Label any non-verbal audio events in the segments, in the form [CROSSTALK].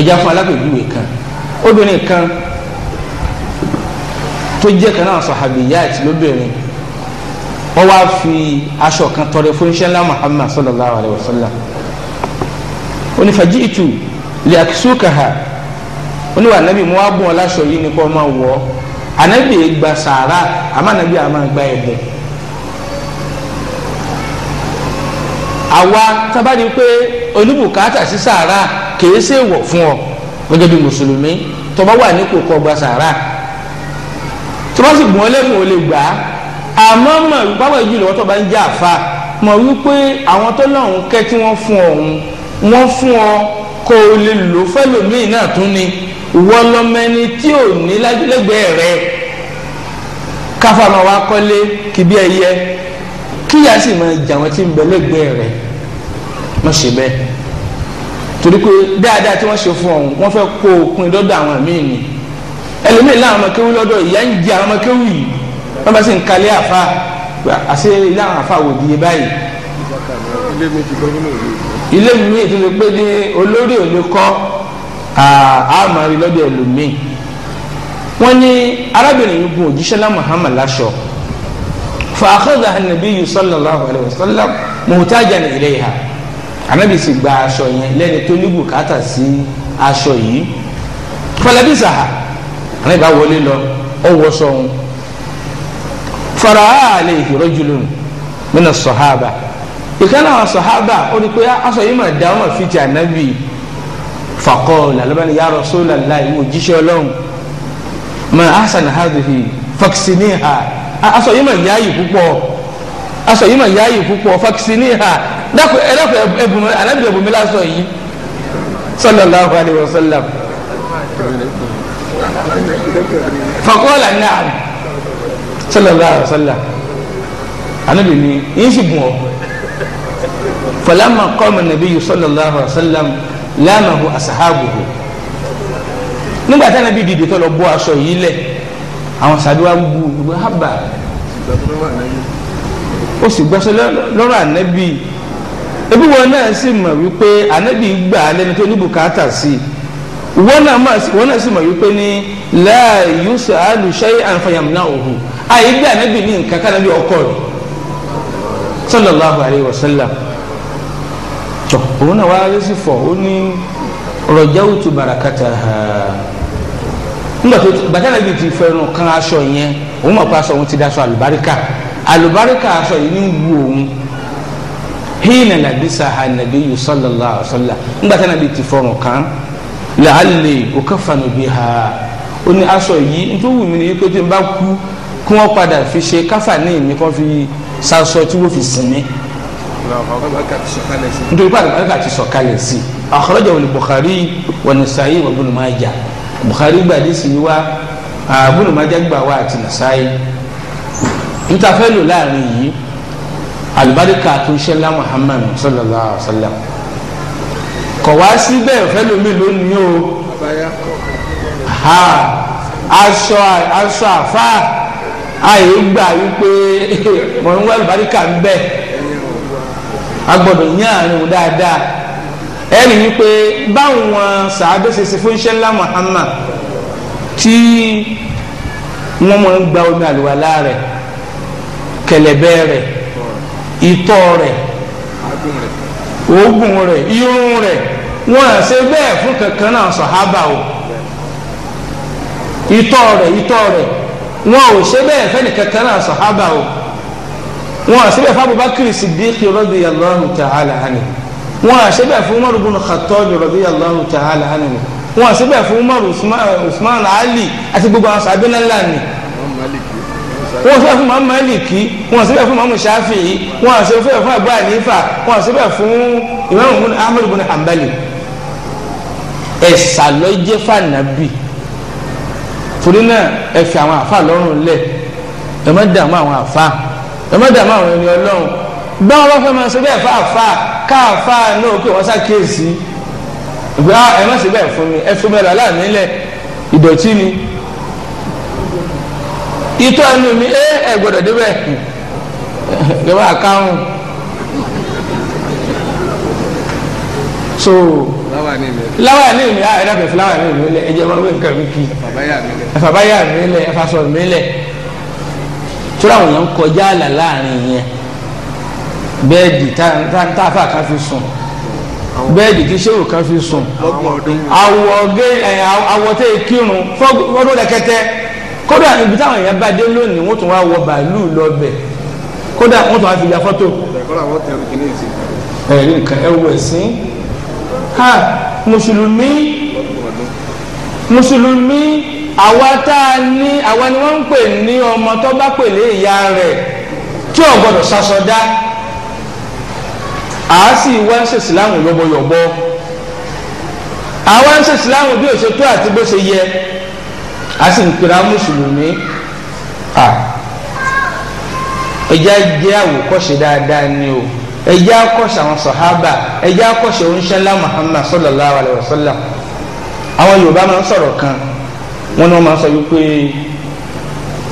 ẹja fún alápèjúwe kan obìnrin kan tó jẹ́ kan náà sọ̀hábìyàt lóbìnrin wọ́n wá fi aṣọ kan tọrẹ fún iṣẹ́ ńlá Muhammad sallallahu alayhi wa sallam onífàjì ìtù lẹ́àkísùkàhà oníwà anábì mo wá bùn ọ láṣọ yìí ni kò máa wọ̀ ọ́ anábì gba sàárà àmọ́ anábì àmọ́ gba ẹ̀bùn. àwa tábàdí pé oníbùkátà sí sàárà kìí ṣe wọ̀ fún ọ gẹ́gẹ́ bí mùsùlùmí tó bá wà ní kòkó ọgbà sàrà tó bá sì gbọ́n lẹ́mú o lè gbà á àmọ́ mọ̀ báwo yìí lọ́wọ́ tó bá ń jẹ́ àfa mọ̀ wípé àwọn tó lọ́hùn kẹ́ tí wọ́n fún ọ̀hún wọ́n fún ọ kó o lè lò fẹ́lòmíì náà tún ni wọ́n lọ́mẹni tí ò ní lẹ́gbẹ̀ẹ́ rẹ̀ káfa máa wá kọ́lé kí bí ẹyẹ kíyà sì máa jà wọ́n tí ń bẹ lẹ́gbẹ̀ẹ́ rẹ̀ má ṣe bẹ́ẹ̀ torí pé dáadáa tí wọ́n ṣe fún ọ̀hún wọ́n fẹ́ kó òpin lọ́dọ̀ àwọn míì ni ẹlòmíì láwọn ọmọ kéwú lọ́dọ̀ ìyá ń jẹ àwọn ọmọ kéwú yìí wọ́n bá sì ń kalẹ̀ àfa àṣẹ ilé àwọn àfa wò díye báyìí. ilé mi ètò ti pé ní olórí òní kọ́ àmọ́ rí lọ́dọ̀ ẹlòmíì wọ́n ní arábìnrin yìí gun òjíṣẹ́ lá Muhammad láṣọ fa akhadha an-nabiyyu sallallahu alayhi wa sallam muhtajan ilayha anabi sì gba aṣọ yẹn lẹ́ni tó ní bùkátà sí aṣọ yìí fọlẹ́bí sàhà anabi bá wọlé lọ ó wọ sọ̀hún fara àlè rajulun mina sọ̀hábà ìkànnì àwọn sọ̀hábà ó ní pé aṣọ yìí máa dá wọn fi ti anabi faqala lọ́bàáni ya Rasulullahi ìwọ jíṣẹ́ ọlọ́run mà ahsan hadhihi faksiniha aṣọ yìí máa yáàyè púpọ̀ aṣọ yìí mà yá yìí púpọ̀ fakisini ha dákò ẹlẹ́kọ̀ ẹ̀bùn alábì ẹ̀bùn mi lásọ yìí sallallahu alayhi wa sallam fakọ́lá náà sallallahu alayhi wa sallam alábì ni yín sì bùn ọ́ falamma qama nabiyyu sallallahu alayhi wa sallam lamahu asahabuhu nígbà tí anabi dìde tó lọ bọ́ aṣọ yìí lẹ̀ àwọn sàdúrà ń bu ìgbà hábà ó sì gbọ́sẹ̀ lọ́rọ̀ ànábì ebi wọn náà sì mọ̀ wípé ànábì gbà á lẹ́ni tó ní bùkátà sí wọn náà sì mọ̀ wípé ní láàyè sọ àlùṣe àǹfààyàmùnà òhun àyè bí ànábì ní nǹkan kan ànábì ọkọ rẹ̀ sallallahu alayhi wa sallam tọ òun náà wàá rẹsì fọ ó ní rọjáwùtù bàràkàtà ha nígbà tó bàtà nàbì ti fẹnu kan aṣọ yẹn òun mọ̀ pé aṣọ òun ti daṣọ àlùbáríkà. Alubarika aṣọ yìí ní wù òun hina labisa ha nabiyu sallallahu alaihi wa sallam ńgbà tí anabi ti fọrùn kan làálẹ òkèfànù bi ha ó ní aṣọ yìí nítorí wù mí ni pé tí n bá kú kí wọ́n padà fi ṣe káfàní mi kí wọ́n fi sasọ tí wọ́n fi sinmi nítorí pé àlùbáríkà ti sọ̀kalẹ̀ sí i àkọ́rọ́jà wọn ni Bukhari wọn ni Nasa'i wọn Ibn Majah Bukhari gbàdísì wa Ibn Majah gbà wá àti Nasa'i ntafẹ́ lò láàrin yìí alibarika tó ṣẹlá muhammad sallallahu alaihi wa sallam kọ̀ wá sí bẹ́ẹ̀ fẹ́ lómi lónìí o ha aṣọ aṣọ àfa àyè gbà wípé [LAUGHS] mọ̀ ń wá alibarika ń bẹ́ẹ̀ a gbọ́dọ̀ o dáadáa ẹ rí báwọn sàábẹ́ fún iṣẹ́ ńlá muhammad tí wọ́n ń gba omi àlùwàlá rẹ̀ kẹ̀lẹ̀bẹ̀ rẹ̀ ìtọ̀ rẹ̀ oògùn rẹ̀ irun rẹ̀ wọn à ṣe bẹ́ẹ̀ fún kankan náà sàhábà o ìtọ̀ rẹ̀ ìtọ̀ rẹ̀ wọn ò ṣe bẹ́ẹ̀ fẹ́ni kankan náà sàhábà o wọn à ṣe bẹ́ẹ̀ fún Abubakar Siddiq radiyallahu ta'ala anhu wọn à ṣe bẹ́ẹ̀ fún Umar ibn Khattab radiyallahu ta'ala anhu wọn à ṣe bẹ́ẹ̀ fún Umar Usman Ali àti gbogbo àwọn sàbẹ̀ wọn sì bẹ́ẹ̀ fún mọ́mọ́ Málíkì wọn sì bẹ́ẹ̀ fún mọ́mọ́ Ṣáfìí wọn sì bẹ́ẹ̀ fún Abu Hanifa wọn sì bẹ́ẹ̀ fún Imam Ahmad ibn Hanbali ẹ̀sà lọ́jẹ́ fànàbì torí náà ẹ fi àwọn àfa lọ́rùn lẹ̀ ẹ má dààmú àwọn àfa ẹ má dààmú àwọn ẹni ọlọ́run báwọn bá fẹ́ máa ṣe bẹ́ẹ̀ fà àfa ká àfa náà pé wọ́n ṣàkíyèsí ìgbà ẹ má ṣe bẹ́ẹ̀ fún mi ẹ fi mẹ́rin aláàmì lẹ̀ ìdọ̀tí ni ìtọ́ ẹnu mi ẹ ẹ gbọ́dọ̀ débẹ̀ ẹ bá káwọn. so láwa ní ìlú ẹ dàbẹ̀ fún láwa ní ìlú lẹ ẹ jẹ́ wọn wí nǹkan mi kì í ẹ̀fàbáyà mi lẹ ẹ̀fàsọ̀ mi lẹ tura àwọn yẹn ń kọjá àlà láàrin yẹn bẹ́ẹ̀dì táfà kan fi sùn bẹ́ẹ̀dì tí sẹ́wò kan fi sùn awọ tẹ kírun fọdún lẹ́kẹ́tẹ́ kódà ibi táwọn èèyàn bá dé lónìí wọ́n tún wá wọ bàálù lọ bẹ̀ kódà wọ́n tún wá fi ya fọ́tò. ẹ̀rí nǹkan ẹ wọ ẹ̀sìn ha mùsùlùmí mùsùlùmí àwa tá a ní àwa ni wọ́n ń pè ní ọmọ tó bá pèlè ìyá rẹ̀ tí ò gbọ́dọ̀ sasọdá a sì wá ń ṣe ìsìláàmù yọbọyọbọ àwa ń ṣe ìsìláàmù bí ó àti bó ṣe yẹ a sì ń pera mùsùlùmí à ẹjẹ́ jẹ́ àwòkọ́ṣe dáadáa ni o ẹjẹ́ àkọ́ṣe àwọn sọ̀hábà ẹjẹ́ àkọ́ṣe oníṣẹ́lá Muhammad sallallahu alayhi wa sallam àwọn Yorùbá máa ń sọ̀rọ̀ kan wọn ni wọ́n máa ń sọ wípé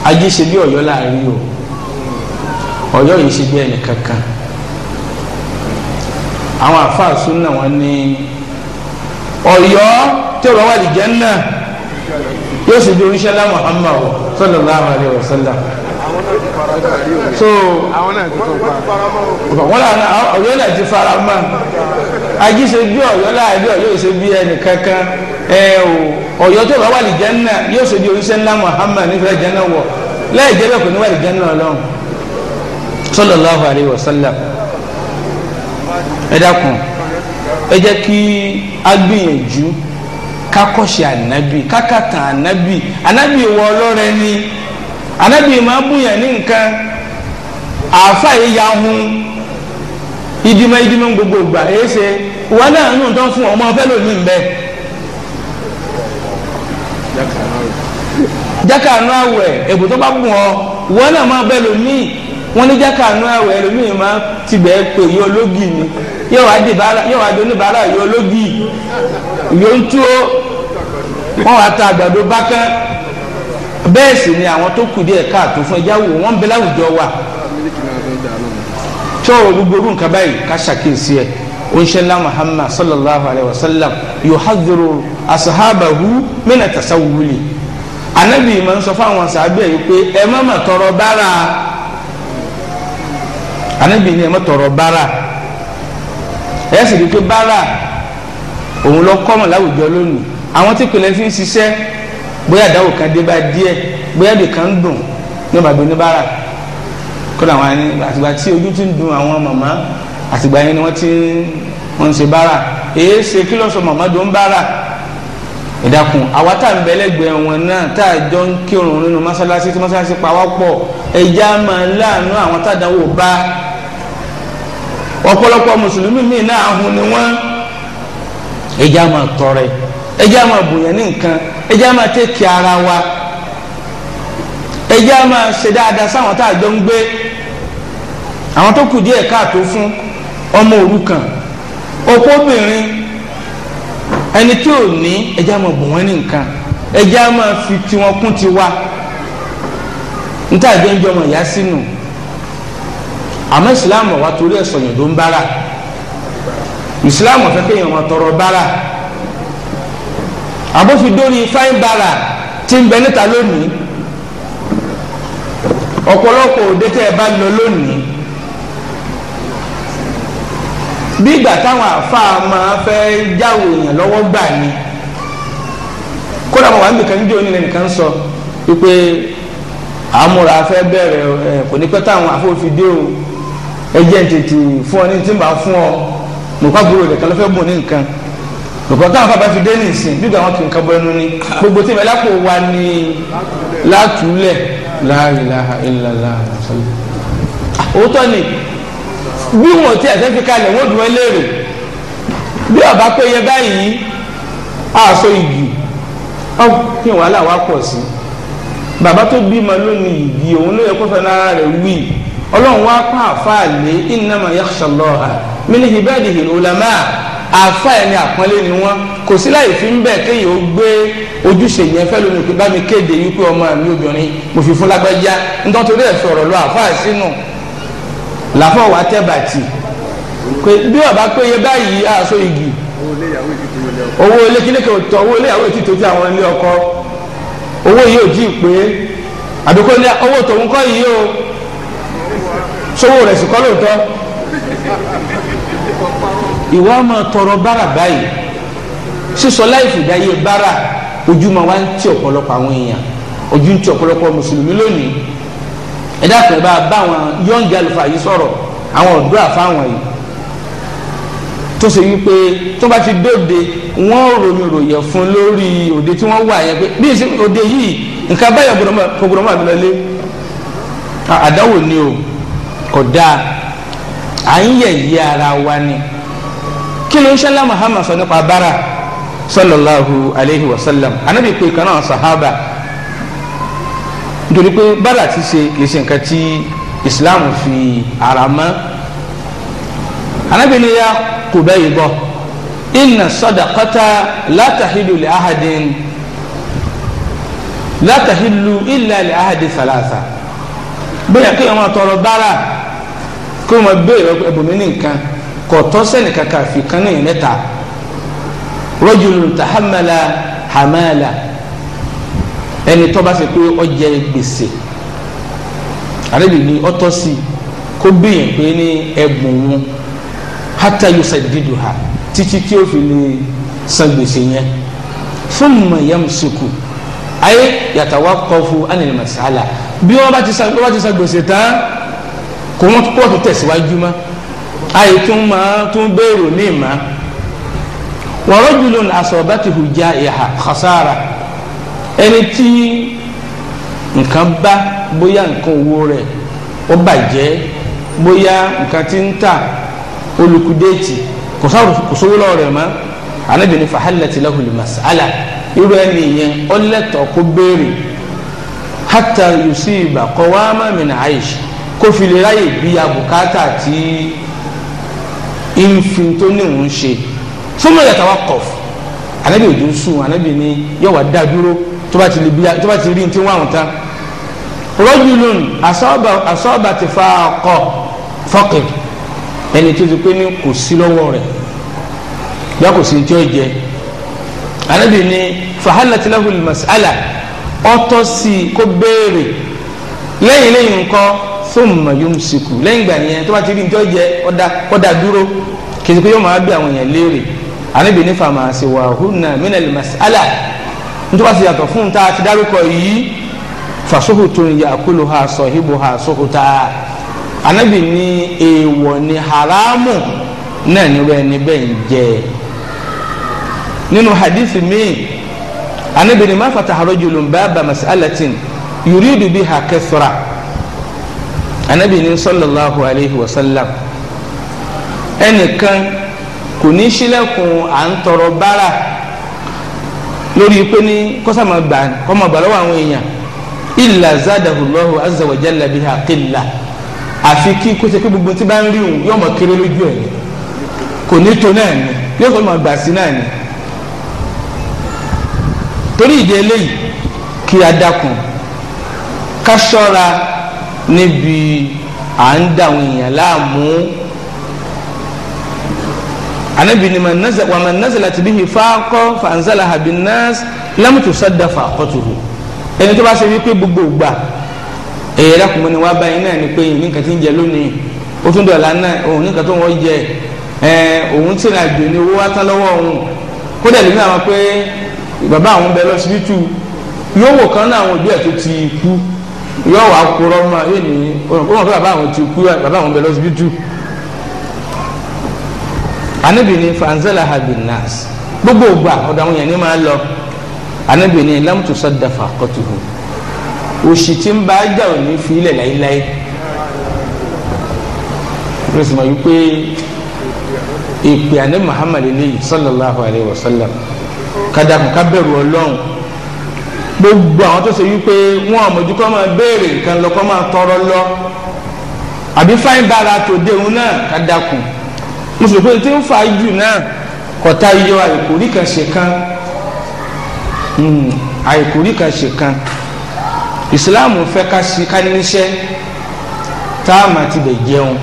ajé ṣe bí Ọ̀yọ́ láàrin o Ọ̀yọ́ yìí ṣe bí ẹnì kankan àwọn àfáà súnà wọn ní Ọ̀yọ́ tí ó bá wà lìjẹ́ náà yóò sì di oníṣẹ́ lá Muhammad sallallahu alayhi wa sallam. so wọn là Ọ̀yọ́ náà ti fara mọ́ ají ṣe bí Ọ̀yọ́ láàbí Ọ̀yọ́ ṣe bí ẹnì kankan ẹ o Ọ̀yọ́ tó bá wà lí Jánnà yóò sì di oníṣẹ́ lá Muhammad nífẹ̀ẹ́ Jánnà wọ̀ láì jẹ́ bẹ́ẹ̀ kò ní wà lí Jánnà Ọlọ́run sallallahu alayhi wa sallam ẹ dákun ẹ jẹ́ kí a gbìyànjú. kakọsi anabi kakata anabi anabi wọ ọlọrẹ ni anabi máa bùyàn ní nǹkan àáfà yìí ya hun ìdìmọ ìdìmọ gbogbo gba èyí ṣe wọn náà nù tán fún ọmọ fẹlẹ òní ń bẹ. jákàánú àwẹ̀ èbùtọ́ bá bù ọ wọn náà máa bẹ lòmíì. wọ́n ní jẹ́ kànú àwẹ̀ ẹlòmíì máa ti bẹ́ẹ̀ pè yọ lógì ni yóò wá di bàrà yóò lógì yóò ń tú ó wá ta àgbàdo bákẹ́ bẹ́ẹ̀ sì ni àwọn tó kù díẹ̀ káàtó fún ẹja wò wọ́n ń bẹ láwùjọ wa tó olúború nǹkan báyìí ká ṣàkíyèsí ẹ̀ onṣẹ́lá Muhammad sallallahu alayhi wa sallam yuhadhiru asahabahu mina tasawuli anabi ma ń sọ fún àwọn sàbẹ̀ yìí pé ẹ má mà tọrọ bára anabi ni ẹ má tọrọ bára ẹ sì rí i pé bára òun lọ kọ́mọ̀ láwùjọ lónìí àwọn tí pèlè fi ń ṣiṣẹ́ bóyá àdáwò kan dé bá díẹ̀ bóyá ibì kan ń dùn ní bàbá oníbàárà kódà àwọn àtìgbà tí ojú ti ń dùn àwọn màmá àtìgbà yẹn ni wọ́n ti ń ṣe bára èyí ṣe kí lọ́sọ̀ màmá dùn ń ìdàkùn àwa tá à ń bẹ́lẹ́gbẹ̀ẹ́ wọn náà tá a jọ ń kírun nínú mọ́ṣáláṣí tí mọ́ṣáláṣí pa wá pọ̀ ẹ̀yà máa láàánú àwọn tá a dánwò bá ọ̀pọ̀lọpọ̀ mùsùlùmí míì náà ahun ni wọ́n ẹ máa tọrẹ ẹ máa bùyàn ní nǹkan ara wa ẹ máa ṣe dáadáa sáwọn tá a jọ ń gbé àwọn tó kù díẹ̀ káàtó fún ọmọ òrukàn opó obìnrin ẹni tí ò ní ẹ fi tiwọn kún tiwa níta jẹ́ ń sínú. Si àmọ́ ìsìláàmù wa torí ẹ̀sọ̀ yòdó ń bára ìsìláàmù fẹ́ kéèyàn wọn tọrọ bára àbófin dórí fáin bára tí ń bẹ níta lónìí ọ̀pọ̀lọpọ̀ òde tẹ́ ẹ bá lọ lónìí bí ìgbà táwọn àáfàá máa fẹ́ jáwò kan sọ àmúra fẹ́ bẹ̀rẹ̀ ẹ̀ kò ní pẹ́ táwọn ẹ jẹ́ tètè fún ọ ní tí n bá fún ọ nǹkan gbúrò rẹ̀ kálọ́ fẹ́ bùn ní nǹkan nǹkan táwọn bàbá fi dé ní ìsìn bí gbàwọn kì í kan bọ́ ẹnu ní gbogbo tí ìbẹ̀lẹ́ kò wá ní látúlẹ̀ la ilaha illallah òótọ́ ni bí wọn ti ẹ̀sẹ̀ fi kalẹ̀ wọ́n dùn ẹ́ léèrè bí ọba péye báyìí àṣọ ìgì kí wàhálà wa pọ̀ sí bàbá tó bímọ lónìí ìgì òun ló yẹ kó fẹ́ náà rẹ̀ wí ọlọ́run wá pa àfáà lé innama yakhsha Allaha min ibadihi al-ulama àfáà ẹni àpọ́nlé ni wọ́n kò sí láì fi ń bẹ̀ kéèyàn ó gbé ojúṣe yẹn fẹ́ lómi pé bá mi kéde yìí pé ọmọ mi obìnrin mo fi fún lágbájá nítorí torí ẹ̀ fi ọ̀rọ̀ lọ àfáà sínú làfọ̀ wá tẹ́ bàtì pé bí ọba péye báyìí aṣọ igi owó ilé kílé kan owó ilé àwọn ètí tòjú àwọn ilé ọkọ owó yìí ò sówó rẹ̀ sì kọ́ lóòótọ́ ìwọ ọmọ tọrọ bára báyìí sísọ láìfù dáyé bára ojú ma wá ń tí ọ̀pọ̀lọpọ̀ àwọn èèyàn ojú ń tí ọ̀pọ̀lọpọ̀ mùsùlùmí lónìí ẹ dákun ẹ bá bá àwọn yọǹgì àlùfáà yìí sọ̀rọ̀ àwọn ọ̀dọ́ àfáwọn yìí tó ṣe wípé tó bá ti dóde wọ́n ròyìn ròyìn fún lórí òde tí wọ́n wà yẹn pé bí òde yìí nǹkan báyọ̀ gbọdọ̀ mọ́ àbí lọ lé àdáwò ni o kódà à ń yẹ̀yẹ́ ara wa ni kí ló ń ṣẹlẹ̀ Muhammad sọ nípa bára sallallahu alayhi wa sallam anabi pé kan náà sahaba nítorí pé bára ti ṣe kì í ṣe nǹkan tí Islam fi ara mọ́ anabi ni ya kò bẹ́ẹ̀ yìí bọ́ inna sadaqata la tahilu li ahadin la tahilu illa li salasa bóyá kéèyàn máa tọrọ bára kí wọ́n máa béèrè ẹ̀bùnmí ní nǹkan kò tọ́ sẹ́ni kankan fi kan ní ìmẹ́ta rọ́jùlù tàhámàlà hàmàlà ẹni tó bá ṣe pé ó jẹ gbèsè àrẹ́bì ni ó tọ́ sí kó béèrè pé ní ẹ̀bùn wọn hátà yóò ṣàdídò ha títí tí ó fi lè san gbèsè yẹn fún mayamsuku ayé yàtàwá kọfu anil masala bí wọ́n bá ti san gbèsè tán kò wọ́n pọ̀ tó tẹ̀síwájú mọ́ àyè tún máa tún béèrò míì má wa rajulun asabatuhu ja'iha khasara ẹni tí nǹkan bá bóyá nǹkan owó rẹ̀ ó bàjẹ́ bóyá nǹkan tí ń tà olùkúdéètì kò sówó lọ́wọ́ rẹ̀ mọ́ anabini fahallati lahu masala irú ẹni yẹn ó lẹ́tọ̀ọ́ kó béèrè hatta yusiba qawama min aish kó fi lè ráyè bí abùkátà tí ìfin tó ní òun ṣe fún mi yàtọ̀ wá kọ̀ ànábì òjò ń sùn ànábì ni yóò wá dá dúró tó bá ti rí ní tí wọ́n àwọn tán rọ́júlùn asọ́ọ̀bà ti fa ọkọ̀ fọ́kì ẹni tó ti pé ní kò sí lọ́wọ́ rẹ̀ yá kò sí ní tí ó jẹ ànábì ni fahalatilahu mas'ala ọtọ́ sí kó béèrè lẹ́yìn lẹ́yìn nǹkan thumma yumsiku lẹ́yìn ìgbà yẹn tó bá ti rí njọ́ jẹ kọ́dà dúró kìsì pé yóò máa bí àwọn èèyàn léèrè àníbi ní fàmà sí wà húnà minal mas'ala nítorí wàá ti yàtọ̀ fún un tá a ti dárúkọ yìí fasuhutun ya'kuluha sahibuha suhuta àníbi ní èèwọ̀ ní haramu náà nírú ẹni ń jẹ nínú hadithi míì àníbi ní má fataha rajulun baba mas'alatin yuridu biha kathra anabi ní sallallahu alayhi wa sallam ẹnìkan kò ní ṣílẹ̀kùn à ń tọrọ bára lórí pé ní kọ́sàmà gbà kọ́mà gbà lọ́wọ́ àwọn èèyàn illa zadahu Allahu azza wa jalla biha qilla àfi kí kó ṣe pé gbogbo tí bá ń rí òun yóò mọ̀ kéré lójú ẹ̀ kò ní tó náà ni yóò tó mọ̀ gbà sí náà ni torí ìdí eléyìí kí a dákun ká ṣọ́ra níbi à ń da àwọn èèyàn láàmú anabi ni wa man nazalat bihi faqo fa anzalaha nas lam tusadda faqatuhu ẹni tó bá ṣe wípé gbogbo gbà èyí lákùnmọ́ ni wàá báyìí náà ni pé yìí nǹkan ti ń jẹ lónìí ó tún dọ̀la náà òun nǹkan tó wọ́n jẹ ẹ òun ti rà jò ní owó wá tán lọ́wọ́ òun kódà lómi àwọn pé bàbá àwọn bẹ lọ síbítù yóò wò kán náà àwọn òbí ẹ̀ tó ti kú yọ wà kúrọ́ mọ́ yóò ní olùkọ́ fún bàbá àwọn ti kú bàbá àwọn bẹ lọ́sibítù fanzala habin gbogbo ògbà àwọn yẹn ni máa lọ sadafa kọtuhu tí ń bá jà fi ilẹ̀ láíláí sallallahu alayhi wa sallam ọlọ́run. gbogbo àwọn tó ṣe wípé wọn àmójú kọ́ máa béèrè nǹkan lọ kọ́ máa tọrọ lọ àbí fáìn bára tó dé òun náà ká dákun mùsùlùmí tí ń fa jù náà kọ̀tà yọ àìkórí kan ṣe kan hmm, àìkórí kan ṣe kan ìsìláàmù fẹ́ ká sí ká níṣẹ́ tá a máa ti lè jẹun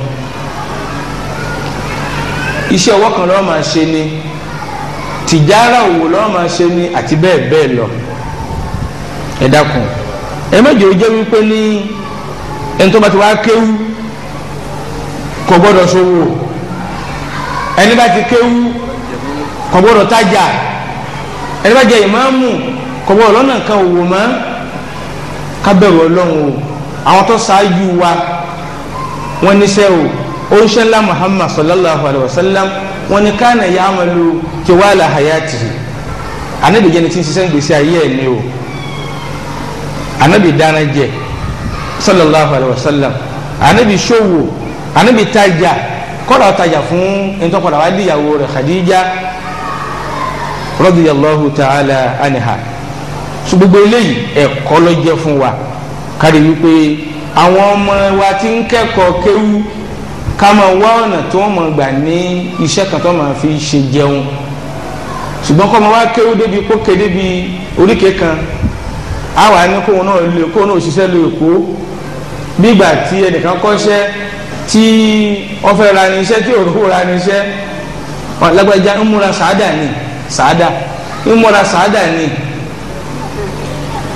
iṣẹ́ ọwọ́ kan lọ́ọ́ máa ṣe ni tìjára òwò lọ́ọ́ máa ṣe ni àti bẹ́ẹ̀ bẹ́ẹ̀ lọ ẹ dákun ẹ mẹjọ jẹ wípé ní ẹni tó bá ti wá kéwú kò gbọ́dọ̀ ṣòwò ẹni bá ti kéwú kò gbọ́dọ̀ tajà ẹni bá jẹ ìmáàmù kò gbọ́dọ̀ lọ́nà kan òwò mọ́ ká Ọlọ́run o àwọn tó ṣáájú wa wọn níṣẹ́ o oṣiṣẹlá Muhammad sallallahu alayhi wa sallam na ni kánà yàmàlú kí wàhálà hayatihi ànábìyẹn ti ń ṣiṣẹ́ ń gbèsè ayé ẹ̀ ní o anabi dáná jẹ sallallahu alaihi wa sallam anabi ṣòwò anabi tajà kọ́dà tajà fún ntọ́kọ̀dà wà á di ìyàwó rẹ̀ khadija radiyallahu ta'ala anha so gbogbo eléyìí ẹ̀kọ́ ló jẹ́ fún wa kárí wípé àwọn ọmọ wa ti ń kẹ́kọ̀ọ́ kéwú ká máa wá ọ̀nà tó wọ́n máa gbà ní iṣẹ́ kan tó máa fi ṣe jẹun ṣùgbọ́n kọ́ máa wá débi kó kéde bí oríkèé kan àwa ní kóun náà lè kóun náà ṣiṣẹ́ lè kó nígbà tí ẹnìkan kọ́ṣẹ́ tí wọ́n fẹ́ ra ní iṣẹ́ tí òróró ra ní iṣẹ́ wọn ń múra sàádà ni sàádà ń múra sàádà ni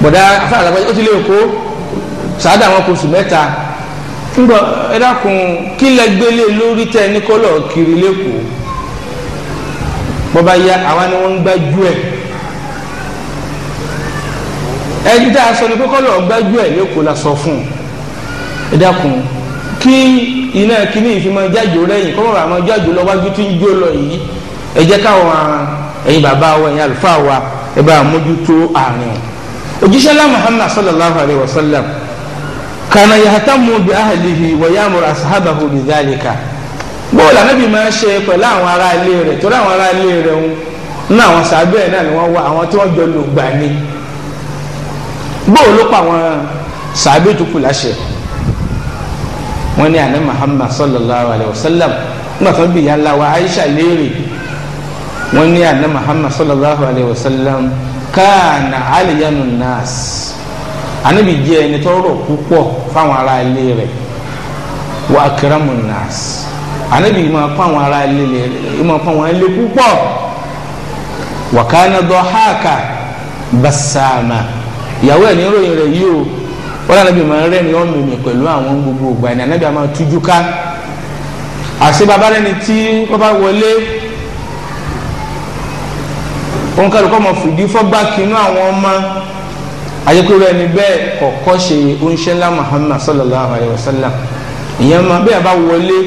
bọ̀dá afárá lágbájá ó ti lè kó sàádà wọn kò sùn mẹ́ta ńgbọ ẹ dákun kí lẹ gbélé lórí tẹ ní kọlọ kiri lẹkọọ bọba ya àwa ni wọn ń gbájú ẹ ẹni tá a sọ ni pé kọ́ lọ́ọ́ gbájú ẹ̀ lẹ́kọ̀ọ́ la sọ fún un ẹ dákun kí iná kíní ìfimọ́ jájò lẹ́yìn kọ́ lọ́ọ́ àwọn jájò lọ wájú tí ń jó lọ yìí ẹ jẹ́ káwọn ẹ̀yin bàbá wa ẹ̀yin àlùfáà wa ẹ bá mójútó àárín òjíṣẹ́ lá Muhammad sallallahu alayhi wa sallam kana yahatamu bi ahlihi wa yamuru ashabahu bi dhalika bóòlù anábì máa ń ṣe pẹ̀lú àwọn ará ilé rẹ̀ torí àwọn ará ilé rẹ̀ ń ná àwọn sàbẹ̀ náà ni wọ́n wá àwọn tí wọ́n jọ lò gbà ni bóò ló pa àwọn sàábé tó kù láṣẹ wọn ní àná Muhammad sallallahu alayhi wa sallam nígbà tó ń bìyà ńlá wa Aisha léèrè wọn ní àná Muhammad sallallahu alayhi wa sallam káàna aliyanu nas anabi jẹ ẹni tó rọ̀ púpọ̀ fáwọn ará ilé rẹ̀ wa akiramu nas anabi máa pa àwọn ará ilé rẹ̀ máa pa àwọn ilé púpọ̀ wa kana dọhaka basama ìyàwó ẹ̀ ní ròyìn rẹ̀ yìí o wọ́n náà nàbí màá rẹ́ ni ọ́n lò ní pẹ̀lú àwọn gbogbo ògbà ní anábì àmà tújú ká àṣẹ bàbá lẹ́ni tí wọ́n bá wọlé òun kálukọ́ ọmọ fìdí fọ́gbà kínú àwọn ọmọ ayékúrò ẹni bẹ́ẹ̀ kọ̀ọ̀kọ́ ṣe oníṣẹ́lá Muhammad sallallahu alayhi wa sallam ìyẹn máa bẹ́ẹ̀ bá wọlé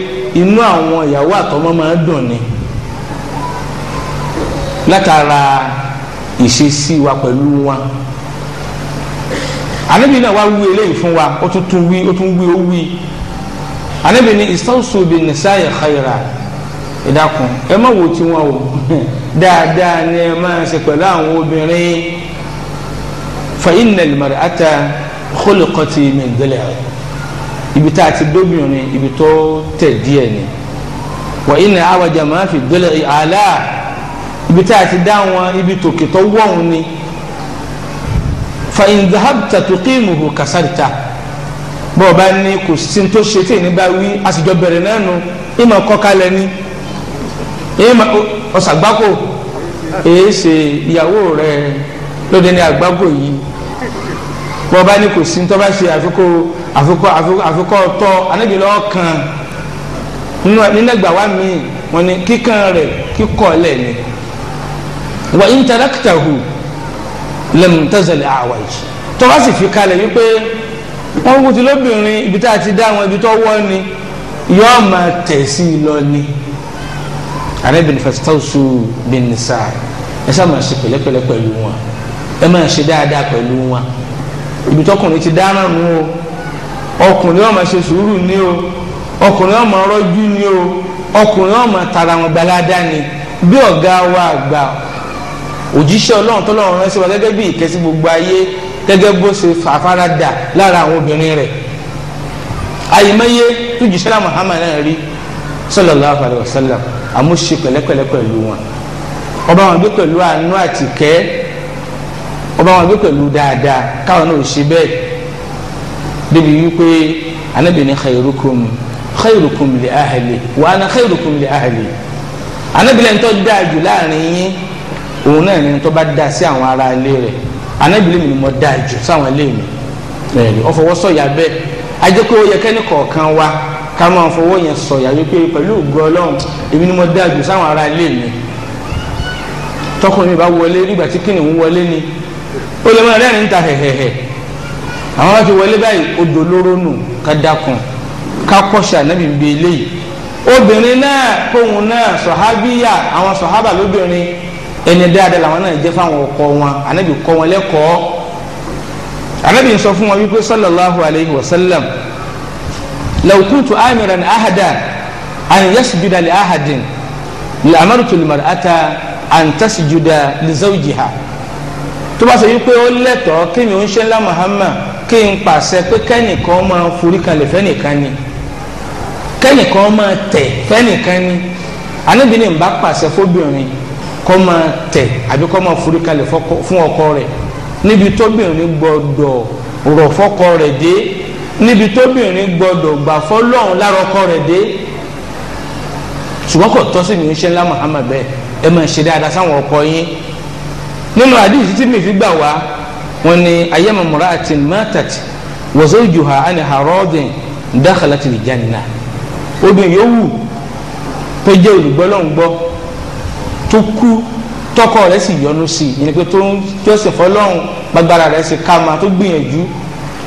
inú àwọn ìyàwó àtọmọ máa dùn ni látara ìṣesí wa pẹ̀lú wọn anabi náà wá wí eléyìí fún wa ó tún tún wí ó tún wí ó wí anabi ní istawsu bin nisa'i khayra ìdákun ẹ má wo tiwọn o [LAUGHS] dáadáa ni ẹ máa ṣe pẹ̀lú àwọn obìnrin fa innal mar'ata khuliqat min dil'a ibi tá ti dóbìnrin ibi tó tẹ̀ díẹ̀ ni wa inna awaja ma fi dil'i ala ibi tá ti dá ibi tòkè tó ni fa in dhahabta tuqimuhu kasarta bọ́ọ̀ bá ní kò sí tó ṣe tí èyí bá wí àsìjọ bẹ̀rẹ̀ náà ìmọ̀ kọ́kalẹ̀ ni ìmọ̀ ọ̀sàgbákò èyí ṣe ìyàwó rẹ lóde ní àgbákò yìí bọ́ọ̀ bá ní kò sí tó bá ṣe àfikọ́ àfikọ́ àfikọ́ tọ́ anájìlọ́ kan nínú ẹgbà wa mi wọn ni kíkan rẹ kíkọ́ lẹ̀ ni wà ń taraktahu lẹ́nu tẹ́sẹ̀lẹ̀ àwa yìí tó bá sì fi kalẹ̀ wípé wọ́n kú ti lóbìnrin ibi tá a ti dá àwọn ibi tó wọ́ ni yóò máa tẹ̀ sí i lọ ni arábìnrin fẹsítọ́sù bin nisa ẹ sábà máa ṣe pẹ̀lẹ́pẹ̀lẹ́ pẹ̀lú wọn ẹ máa ṣe dáadáa pẹ̀lú wọn ibi tọkùnrin ti dáná nu o ọkùnrin ó ṣe sùúrù ni o ọkùnrin ó máa ni o ọkùnrin ó tara wọn gbalada ni bí ọ̀gá wa àgbà òjíṣẹ́ ọlọ́run tó lọ́run rán wa gẹ́gẹ́ bí ìkẹ́sí gbogbo ayé gẹ́gẹ́ bó ṣe fàfaradà lára àwọn obìnrin rẹ̀ àyèmáyé tó jíṣẹ́ lá Muhammad náà rí sallallahu alaihi wasallam àmúṣe pẹ̀lẹ́pẹ̀lẹ́ pẹ̀lú wọn ọba wọn gbé pẹ̀lú àánú àti kẹ́ ọba wọn gbé pẹ̀lú dáadáa káwọn náà ò ṣe bẹ́ẹ̀ débi wípé Ànábì ní khairukum khairukum li ahli wa ana khairukum li tó dáa jù láàrin yín òun náà ni tó bá da sí àwọn ará ilé rẹ̀ anábìlẹ̀ mi ni mo da jù sáwọn ilé mi ọ̀fọwọ́ sọ̀yà bẹ́ẹ̀ ajẹ́ pé ó yẹ kẹ́ni kọ̀ọ̀kan wa ká máa fọwọ́ yẹn sọ̀yà wípé pẹ̀lú ògbó ọlọ́run èmi ni mo da jù sáwọn ará ilé mi tọkùnrin mi bá wọlé nígbà tí kìnìún wọlé ni ó lè máa rẹ́rìn-ín ta hẹ̀hẹ̀hẹ̀ àwọn ti wọlé báyìí odò lóró nù ká dákun ká kọ́ṣà nábì ń bi eléyìí obìnrin náà kóhun náà sọ̀hábíyà àwọn sọ̀hábà lóbìnrin ẹni dáadáa làwọn náà jẹ fáwọn ọkọ wọn anabi kọ́ wọn lẹ́kọ̀ọ́ anabi sọ fún wọn wípé sallallahu alayhi wa sallam law kuntu amiran ahada an yasjuda li ahadin la amartu al-mar'ata an tasjuda li zawjiha tó bá sọ wípé ó lẹ́tọ̀ọ́ kí mi ò ń ṣe ńlá Muhammad kí n pàṣẹ pé kẹ́nìkan máa forí kalẹ̀ fẹ́nìkan ni kẹ́nìkan máa tẹ̀ fẹ́nìkan ni anabi ni n bá pàṣẹ fóbìnrin kọ́ máa tẹ̀ àbí kọ́ máa forí kalẹ̀ fún ọkọ rẹ̀ níbi tóbìnrin gbọ́dọ̀ rọ̀ fọ́kọ rẹ̀ dé níbi tóbìnrin gbọ́dọ̀ gbà fọ́lọ́run lára ọkọ rẹ̀ dé ṣùgbọ́n kò tọ́ sí ìyẹn ṣẹlá Muhammad bẹ́ẹ̀ ẹ máa ṣe dáadáa sáwọn ọkọ yín nínú àdìsí tí mi fi gbà wá wọn ni ayyama mura'atin matat wa zawjuha anha radin dakhalat al-janna obìnrin yòówù tó jẹ́ olùgbọ́lọ́ngbọ́ tó kú tọkọ rẹ̀ sì yọ́nú sí i ìyẹn pé tó ń jọ́sìn fọ́lọ́run gbàgbára rẹ̀ sì ká máa tó gbìyànjú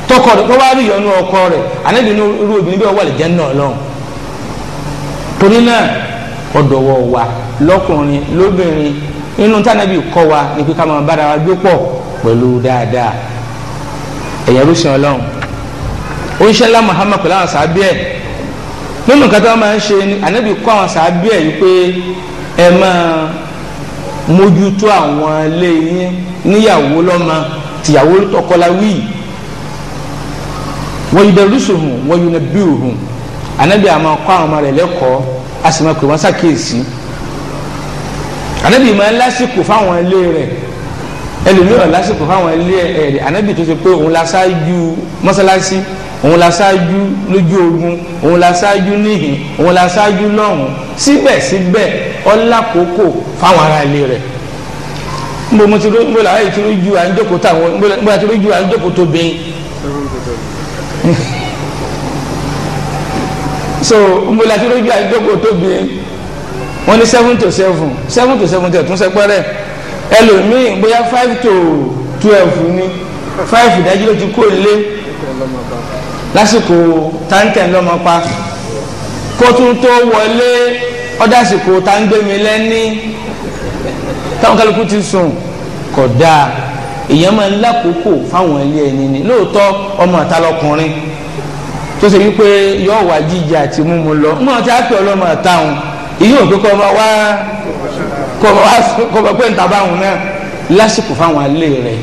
tọkọ rẹ̀ tó wá rí yọ́nú ọkọ rẹ̀ ànábì inú irú obìnrin bẹ́ẹ̀ wà lè jẹ́ náà lọ́hùn torí náà ọ̀dọ̀wọ̀ wa lọ́kùnrin lóbìnrin inú tànàbì kọ́ wa ni pé ká máa bára wa gbé pọ̀ pẹ̀lú dáadáa ẹ̀yà rúṣin ọlọ́run ó ń ṣẹlá Muhammad pẹ̀lú àwọn sàábì nínú nǹkan tó máa ń ṣe ni kọ́ àwọn sàábì yìí pé ẹ máa mójútó àwọn ilé yín níyàwó lọ́mọ tìyàwó tọkọlá wí wọ́n yìí dẹrú sòhùn wọ́n yìí bí òhùn ànábì àmọ́ kọ́ àwọn ọmọ rẹ̀ lẹ́kọ̀ọ́ a sì máa pè wọ́n sàkíyèsí ànábì máa lásìkò fáwọn ilé rẹ̀ ẹlòmíràn lásìkò fáwọn ilé ẹ̀ ànábì tó ṣe pé òun lásáájú mọ́sálásí òun la ṣáájú lójú ogun òun la ṣáájú níhìn òun la ṣáájú lọ́hùn síbẹ̀síbẹ̀ ọlákòókò fáwọn ará ilé rẹ̀ nbọ mo ti ro nbọ la ayi ti ro ju à ń jókòó táwọn nbọ la ti ro ju à ń jókòó tó [LAUGHS] so nbọ la ti ro ju à ń jókòó tó bẹ́ẹ̀ wọ́n seven to seven seven to seven tẹ̀ tún sẹ́pẹ́ rẹ̀ ẹlòmíì bóyá five to twelve ni five ìdájí ló ti kó lé lásìkò táǹkẹ̀ lọ́mọ pa kó tún tó wọlé ọ̀dàsìkò táǹgbẹ̀mí lẹ́ni táwọn kálukú ti sùn kò dáa èèyàn máa ń lákòókò fáwọn ilé ẹni ni lóòótọ́ ọmọ àta lọkùnrin tó ṣe wípé yóò wá jíjẹ àti mímu lọ mú ọtí àpè ọlọ́mọ àta òun èyí ò pé kọ́ ọmọ wá kọ́ ọmọ pé ń ta báwọn náà lásìkò fáwọn ilé rẹ̀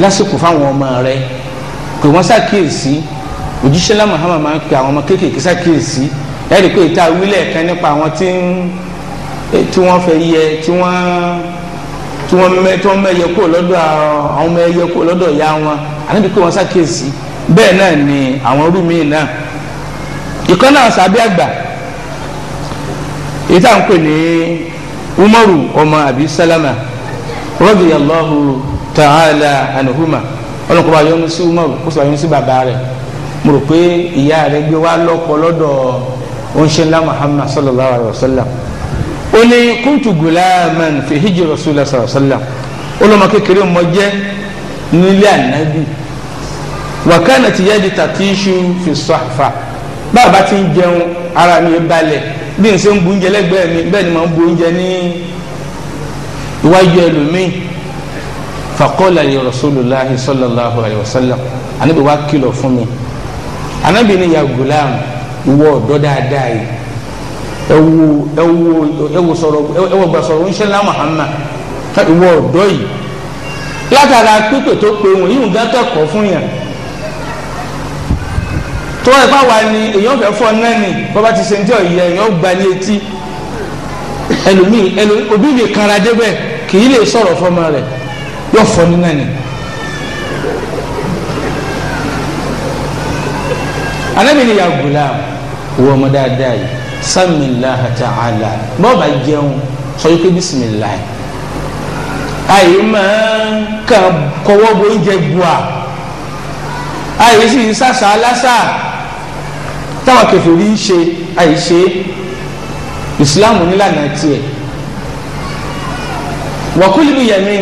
lásìkò fáwọn ọmọ rẹ̀ pé wọ́n ṣàkíyèsí òjíṣẹ́ náà Muhammad máa ń pe àwọn ọmọ kéékèèké ṣàkíyèsí ẹ̀rí pé ìta wílẹ̀ kan nípa àwọn tí ń eh, tí wọ́n fẹ́ yẹ tí wọ́n tí wọ́n mẹ tí wọ́n mẹ́yẹ kó lọ́dọ̀ àwọn ọmọ ẹyẹ kó lọ́dọ̀ ìyá wọn àníbi pé wọ́n ṣàkíyèsí bẹ́ẹ̀ náà ni àwọn irú mi náà ìkan náà sàbí àgbà èyí tá à ń pè ní Umaru ọmọ Abi Salama radiyallahu ta'ala anhuma ọlọ́nkọ́ bá yọ́nú sí umaru kó sì bá yọ́nú sí bàbá rẹ̀ mo rò pé ìyá rẹ̀ gbé wá lọ́pọ̀ lọ́dọ̀ onṣẹ́lá muhammad sallallahu alayhi wa sallam ó ní kuntu gulaman fi hijri rasulillah sallallahu alayhi wa sallam ó lọ́mọ kékeré mọ jẹ́ nílé ànábì wa kanat yadi tatishu fi sahfa bàbá ti ń jẹun ara mi balẹ̀ bí n ṣe ń bu oúnjẹ lẹ́gbẹ̀ẹ́ mi bẹ́ẹ̀ ni mo ń bu oúnjẹ ní iwájú ẹlòmíì faqala li rasulillahi sallallahu alayhi wa sallam anabi wa kìlọ̀ fun mi anabi ni ya gulam ìwọ yi ewu ewu ewu ẹwu ewu sọ̀rọ̀ ẹwu ọgbà sọ̀rọ̀ ńṣẹlá muhammad ìwọ ọ̀dọ́ yìí látara pípé tó pé wọn yìí ń gátọ kọ fún yàn tó ẹ bá wà ní èyàn fẹ́ fọ náà ni bọba ti ṣe ń tẹ ọyẹ èyàn gba ní etí ẹlòmíì ẹlòmíì òbí lè kanra débẹ̀ kì í lè sọ̀rọ̀ fọ́mọ rẹ̀ yọ fọ ní náà anabi ni ya gulam wọ ọmọ dáadáa yìí ta'ala bọ́ọ̀bà jẹun sọ yìí pé bisimilahi àyè máa ń kà kọwọ́ bo oúnjẹ bua àyè sì ń sàṣà lásà táwọn kẹfìrí ń ṣe àyè ṣe ìsìláàmù nílànà tiẹ̀ wọ́kúlù bí yẹmí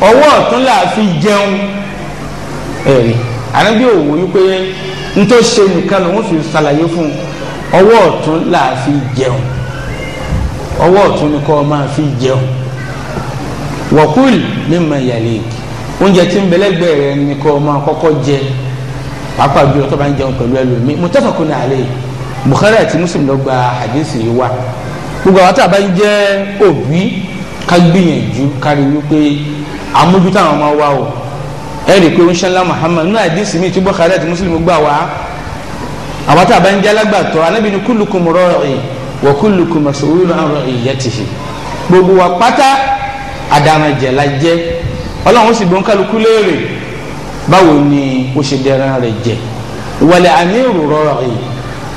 ọwọ́ ọ̀tún là fi jẹun ẹ̀rí ànábì òwò wípé ntọ́ ṣe nìkan lòun fi ṣàlàyé fún ọwọ́ ọ̀tún là fi jẹun ọwọ́ ọ̀tún ni kọ́ ọ máa fi jẹun wọ́kùl mímọ ìyàlẹ́ oúnjẹ tí ń bẹlẹ́gbẹ̀ẹ́ rẹ ni kọ́ ọ máa kọ́kọ́ jẹ pàápàá bí ọtọ́ bá ń jẹun pẹ̀lú ẹlòmíì muttafaqun alayhi Bukhari àti Muslim ló gba hadisi yìí wá gbogbo àwọn tá a bá ń jẹ́ òbí ká gbìyànjú kárí wípé àmójútó àwọn ọmọ wa o ẹ rí i pé oníṣẹ́lá Muhammad nínú àdìsí mi tí Bukhari àti Muslim gbà wá àwọn tá a bá ń jẹ́ alágbàtọ́ anábì ní kullukum ra'i wa kullukum mas'ulun an ra'iyatihi gbogbo wa pátá àdàmàjẹ̀ la jẹ́ ọlọ́run ó sì gbọ́n kálukú léèrè báwo ni ó ṣe dẹran rẹ̀ jẹ wàlẹ̀ àmírù ra'i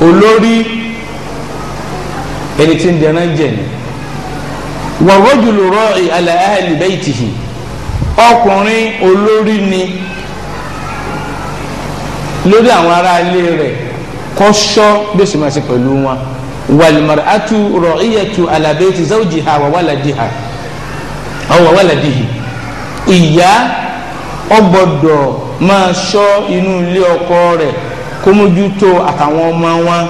olórí ẹni tí ń dẹran jẹ ni wa rajulu ra'i ala ahli baytihi ọkùnrin olórí ni lórí àwọn ará ilé rẹ̀ kọ́ṣọ́ bí ó sì máa ṣe pẹ̀lú wọn walimaratu rọ̀íyẹ̀tu alabeti zawjiha wàwàladiha wàwàladihi ìyá ó gbọ́dọ̀ máa ṣọ́ inú ilé ọkọ rẹ̀ kó mójútó àtàwọn ọmọ wọn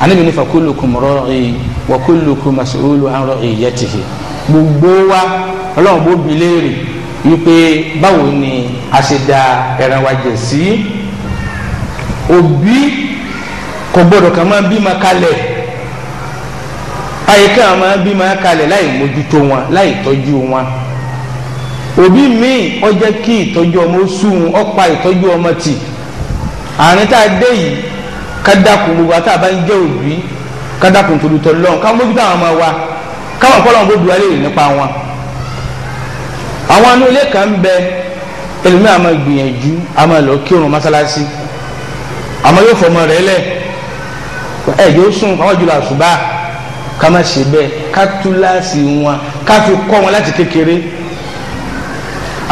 anabi nífa kulukum rọ̀í wà kulukum mas'ulu an rọ̀íyẹ̀tihi gbogbo wa ọlọ́run bó bi léèrè wípé báwo ni a ṣe da ẹran wa jẹ sí òbí kò gbọdọ̀ kàn máa bímọ kalẹ̀ àyíká máa bímọ kalẹ̀ láì mójútó wọn láì tọ́jú wọn òbí míì ó jẹ́ kí ìtọ́jú ọmọ sùn ó pa ìtọ́jú ọmọ tì àárín tá a dé yìí ká dákun gbogbo àti àbá ń jẹ́ òbí ká tòlùtọ̀ lọ́n ká mójútó àwọn ọmọ wa káwọn ọ̀pọ̀lọpọ̀ bó du alẹ́ nípa wọn àwọn anú ilé kan ń bẹ ẹlòmí a máa gbìyànjú a máa lọ kírun mọ́sálásí àmọ́ yóò fọmọ rẹ̀ lẹ̀ ẹ̀ yóò sùn àwọn jùlọ àṣùbà ká má ṣe bẹ́ẹ̀ ká tú láàsì wọn ká fi kọ́ wọn láti kékeré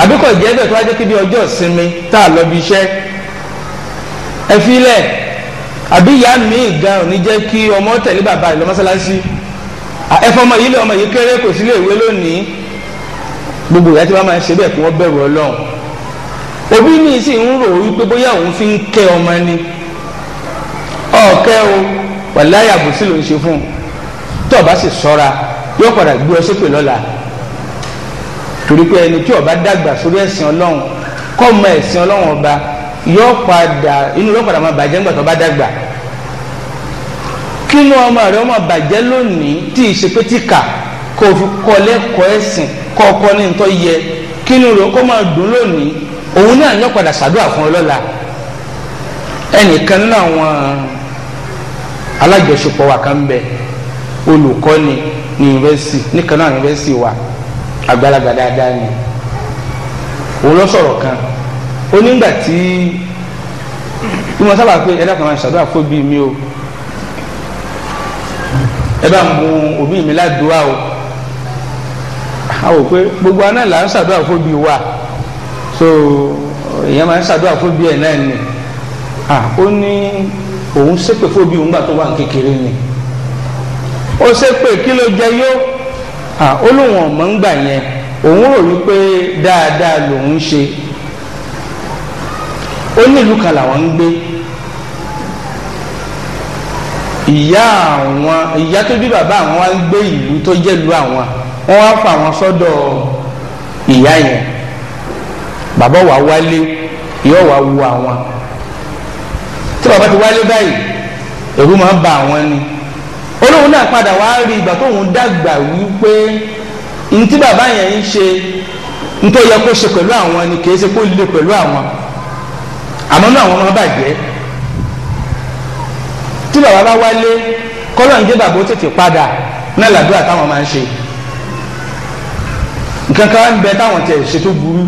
àbíkọ̀ ìjẹ́ bẹ́ẹ̀ tó wá jẹ́ kí bí ọjọ́ ìsinmi tá a lọ bí iṣẹ́ ẹ fi àbí ìyá mi gan ò jẹ́ kí ọmọ tẹ̀lé bàbá rẹ̀ lọ ẹ fọmọ yìí lé ọmọ yìí kéré kò sí ilé ìwé lónìí gbogbo ìyá tí wọ́n máa ṣe bẹ́ẹ̀ kí wọ́n bẹ̀rù ọlọ́run òbí mi sì ń rò wípé bóyá òun fi ń kẹ́ ọmọ ni ọ̀kẹ́ o wàláyà àbòsí ló ń ṣe fún un tó o bá sì sọ́ra yóò padà gbé ọ ṣépè lọ́la torí pé ẹni tí ó bá dàgbà sórí ẹ̀sìn ọlọ́run kọ́ mọ ẹ̀sìn ọlọ́run ọba yóò padà inú yóò padà máa bàjẹ́ ńgbà tó bá dàgbà kínú ọmọ rẹ ọmọ bàjẹ́ lónìí tí ì ṣe pé tí kà kó o fi kọ́ lẹ́kọ̀ọ́ ẹ̀sìn kọ́kọ́ ní ntọ́ yẹ kínú rẹ̀ kó máa dùn lónìí òun náà yọ padà sàdúrà fún ọ lọ́la ẹnìkan nínú àwọn alájọṣepọ̀ wa kan bẹ olùkọ́ni ní yunifásitì níkan náà yunifásitì wa àgbàlagbà dáadáa ni òun lọ sọ̀rọ̀ kan ó nígbà tí bí wọ́n sábà pé ẹ̀dá kan máa ṣàdúrà fún òbí mi o ẹ bá mú òbí mi ládùúrà o a wò pé gbogbo aná là ń ṣàdúrà fóbi wa so èèyàn máa ń ṣàdúrà fóbi ẹ̀ náà ni ó ní òun ṣépè fóbi òun gbà tó wà ní kékeré ni ó ṣépè kí ló jẹ yó ó lóun ọ̀mọ́ ń gbà yẹn òun rò wípé dáadáa lòun ń ṣe ó ní ìlú kan làwọn ń gbé ìyá àwọn ìyá tó bí bàbá àwọn wá ń gbé ìlú tó jẹ́ ìlú àwọn wọ́n á fà wọ́n sọ́dọ̀ ìyá yẹn bàbá wa wálé ìyá wa wu àwọn tí bàbá ti wálé báyìí ẹ̀rù máa ń ba àwọn ni olóhùn náà padà wá rí ìgbà tóun dàgbà wípé ní tí bàbá yẹn ń ṣe nítorí yẹ kó ṣe pẹ̀lú àwọn ni kì í ṣe kó lè pẹ̀lú àwọn àmọ́ náà àwọn ọmọ bàjẹ́ tí bàbá bá wálé kọ́lọ́ ń gé bàbá ó tètè padà náà làdúrà táwọn máa ń ṣe nǹkan kan ń bẹ táwọn tẹ̀ ṣe tó burú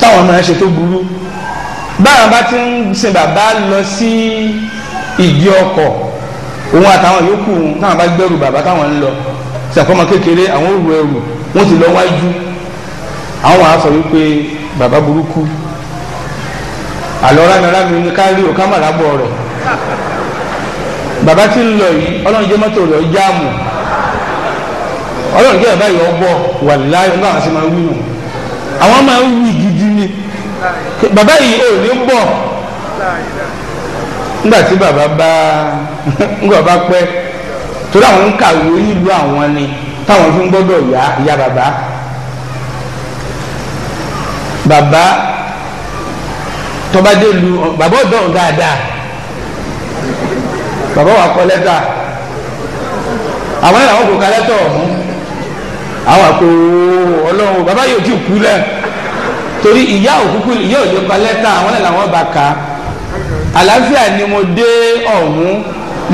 táwọn máa ṣe tó burú báwọn bá ti ń sin bàbá lọ sí ìdí ọkọ̀ òun àtàwọn yòókù táwọn bá gbẹ́rù bàbá táwọn ń lọ sàkọ́mọ kékeré àwọn ò rú ẹrù wọ́n ti lọ wájú àwọn àá sọ wípé bàbá burúkú àlọ́ rámirámi ní ká rí òkà màlábọ̀ rẹ̀ bàbá ti ń lọ yìí ọlọ́run jẹ́ mọ́tò rẹ̀ jáàmù ọlọ́run jẹ́ ìbáyìí ọgbọ́ wà láyé nígbà wọn sì máa ń wí nù àwọn máa ń wí gidi ni bàbá yìí ò ní bọ̀ nígbà tí bàbá bá [LAUGHS] nígbà bá pẹ́ torí àwọn ń kàwé nílùú àwọn ni táwọn fi ń gbọ́dọ̀ yá ìyá bàbá bàbá tọba dé lu bàbá ọdọọrùn dáadáa bàbá wa kọ lẹ́tà àwọn ẹ̀rọ àwọn kò ka lẹ́tà ọ̀hún àwọn àpò ọlọ́run bàbá yóò tí ì kú lẹ̀ torí ìyá òkúkú ìyá òde pa lẹ́tà àwọn náà làwọn bá ka àlàáfíà ni mo dé ọ̀hún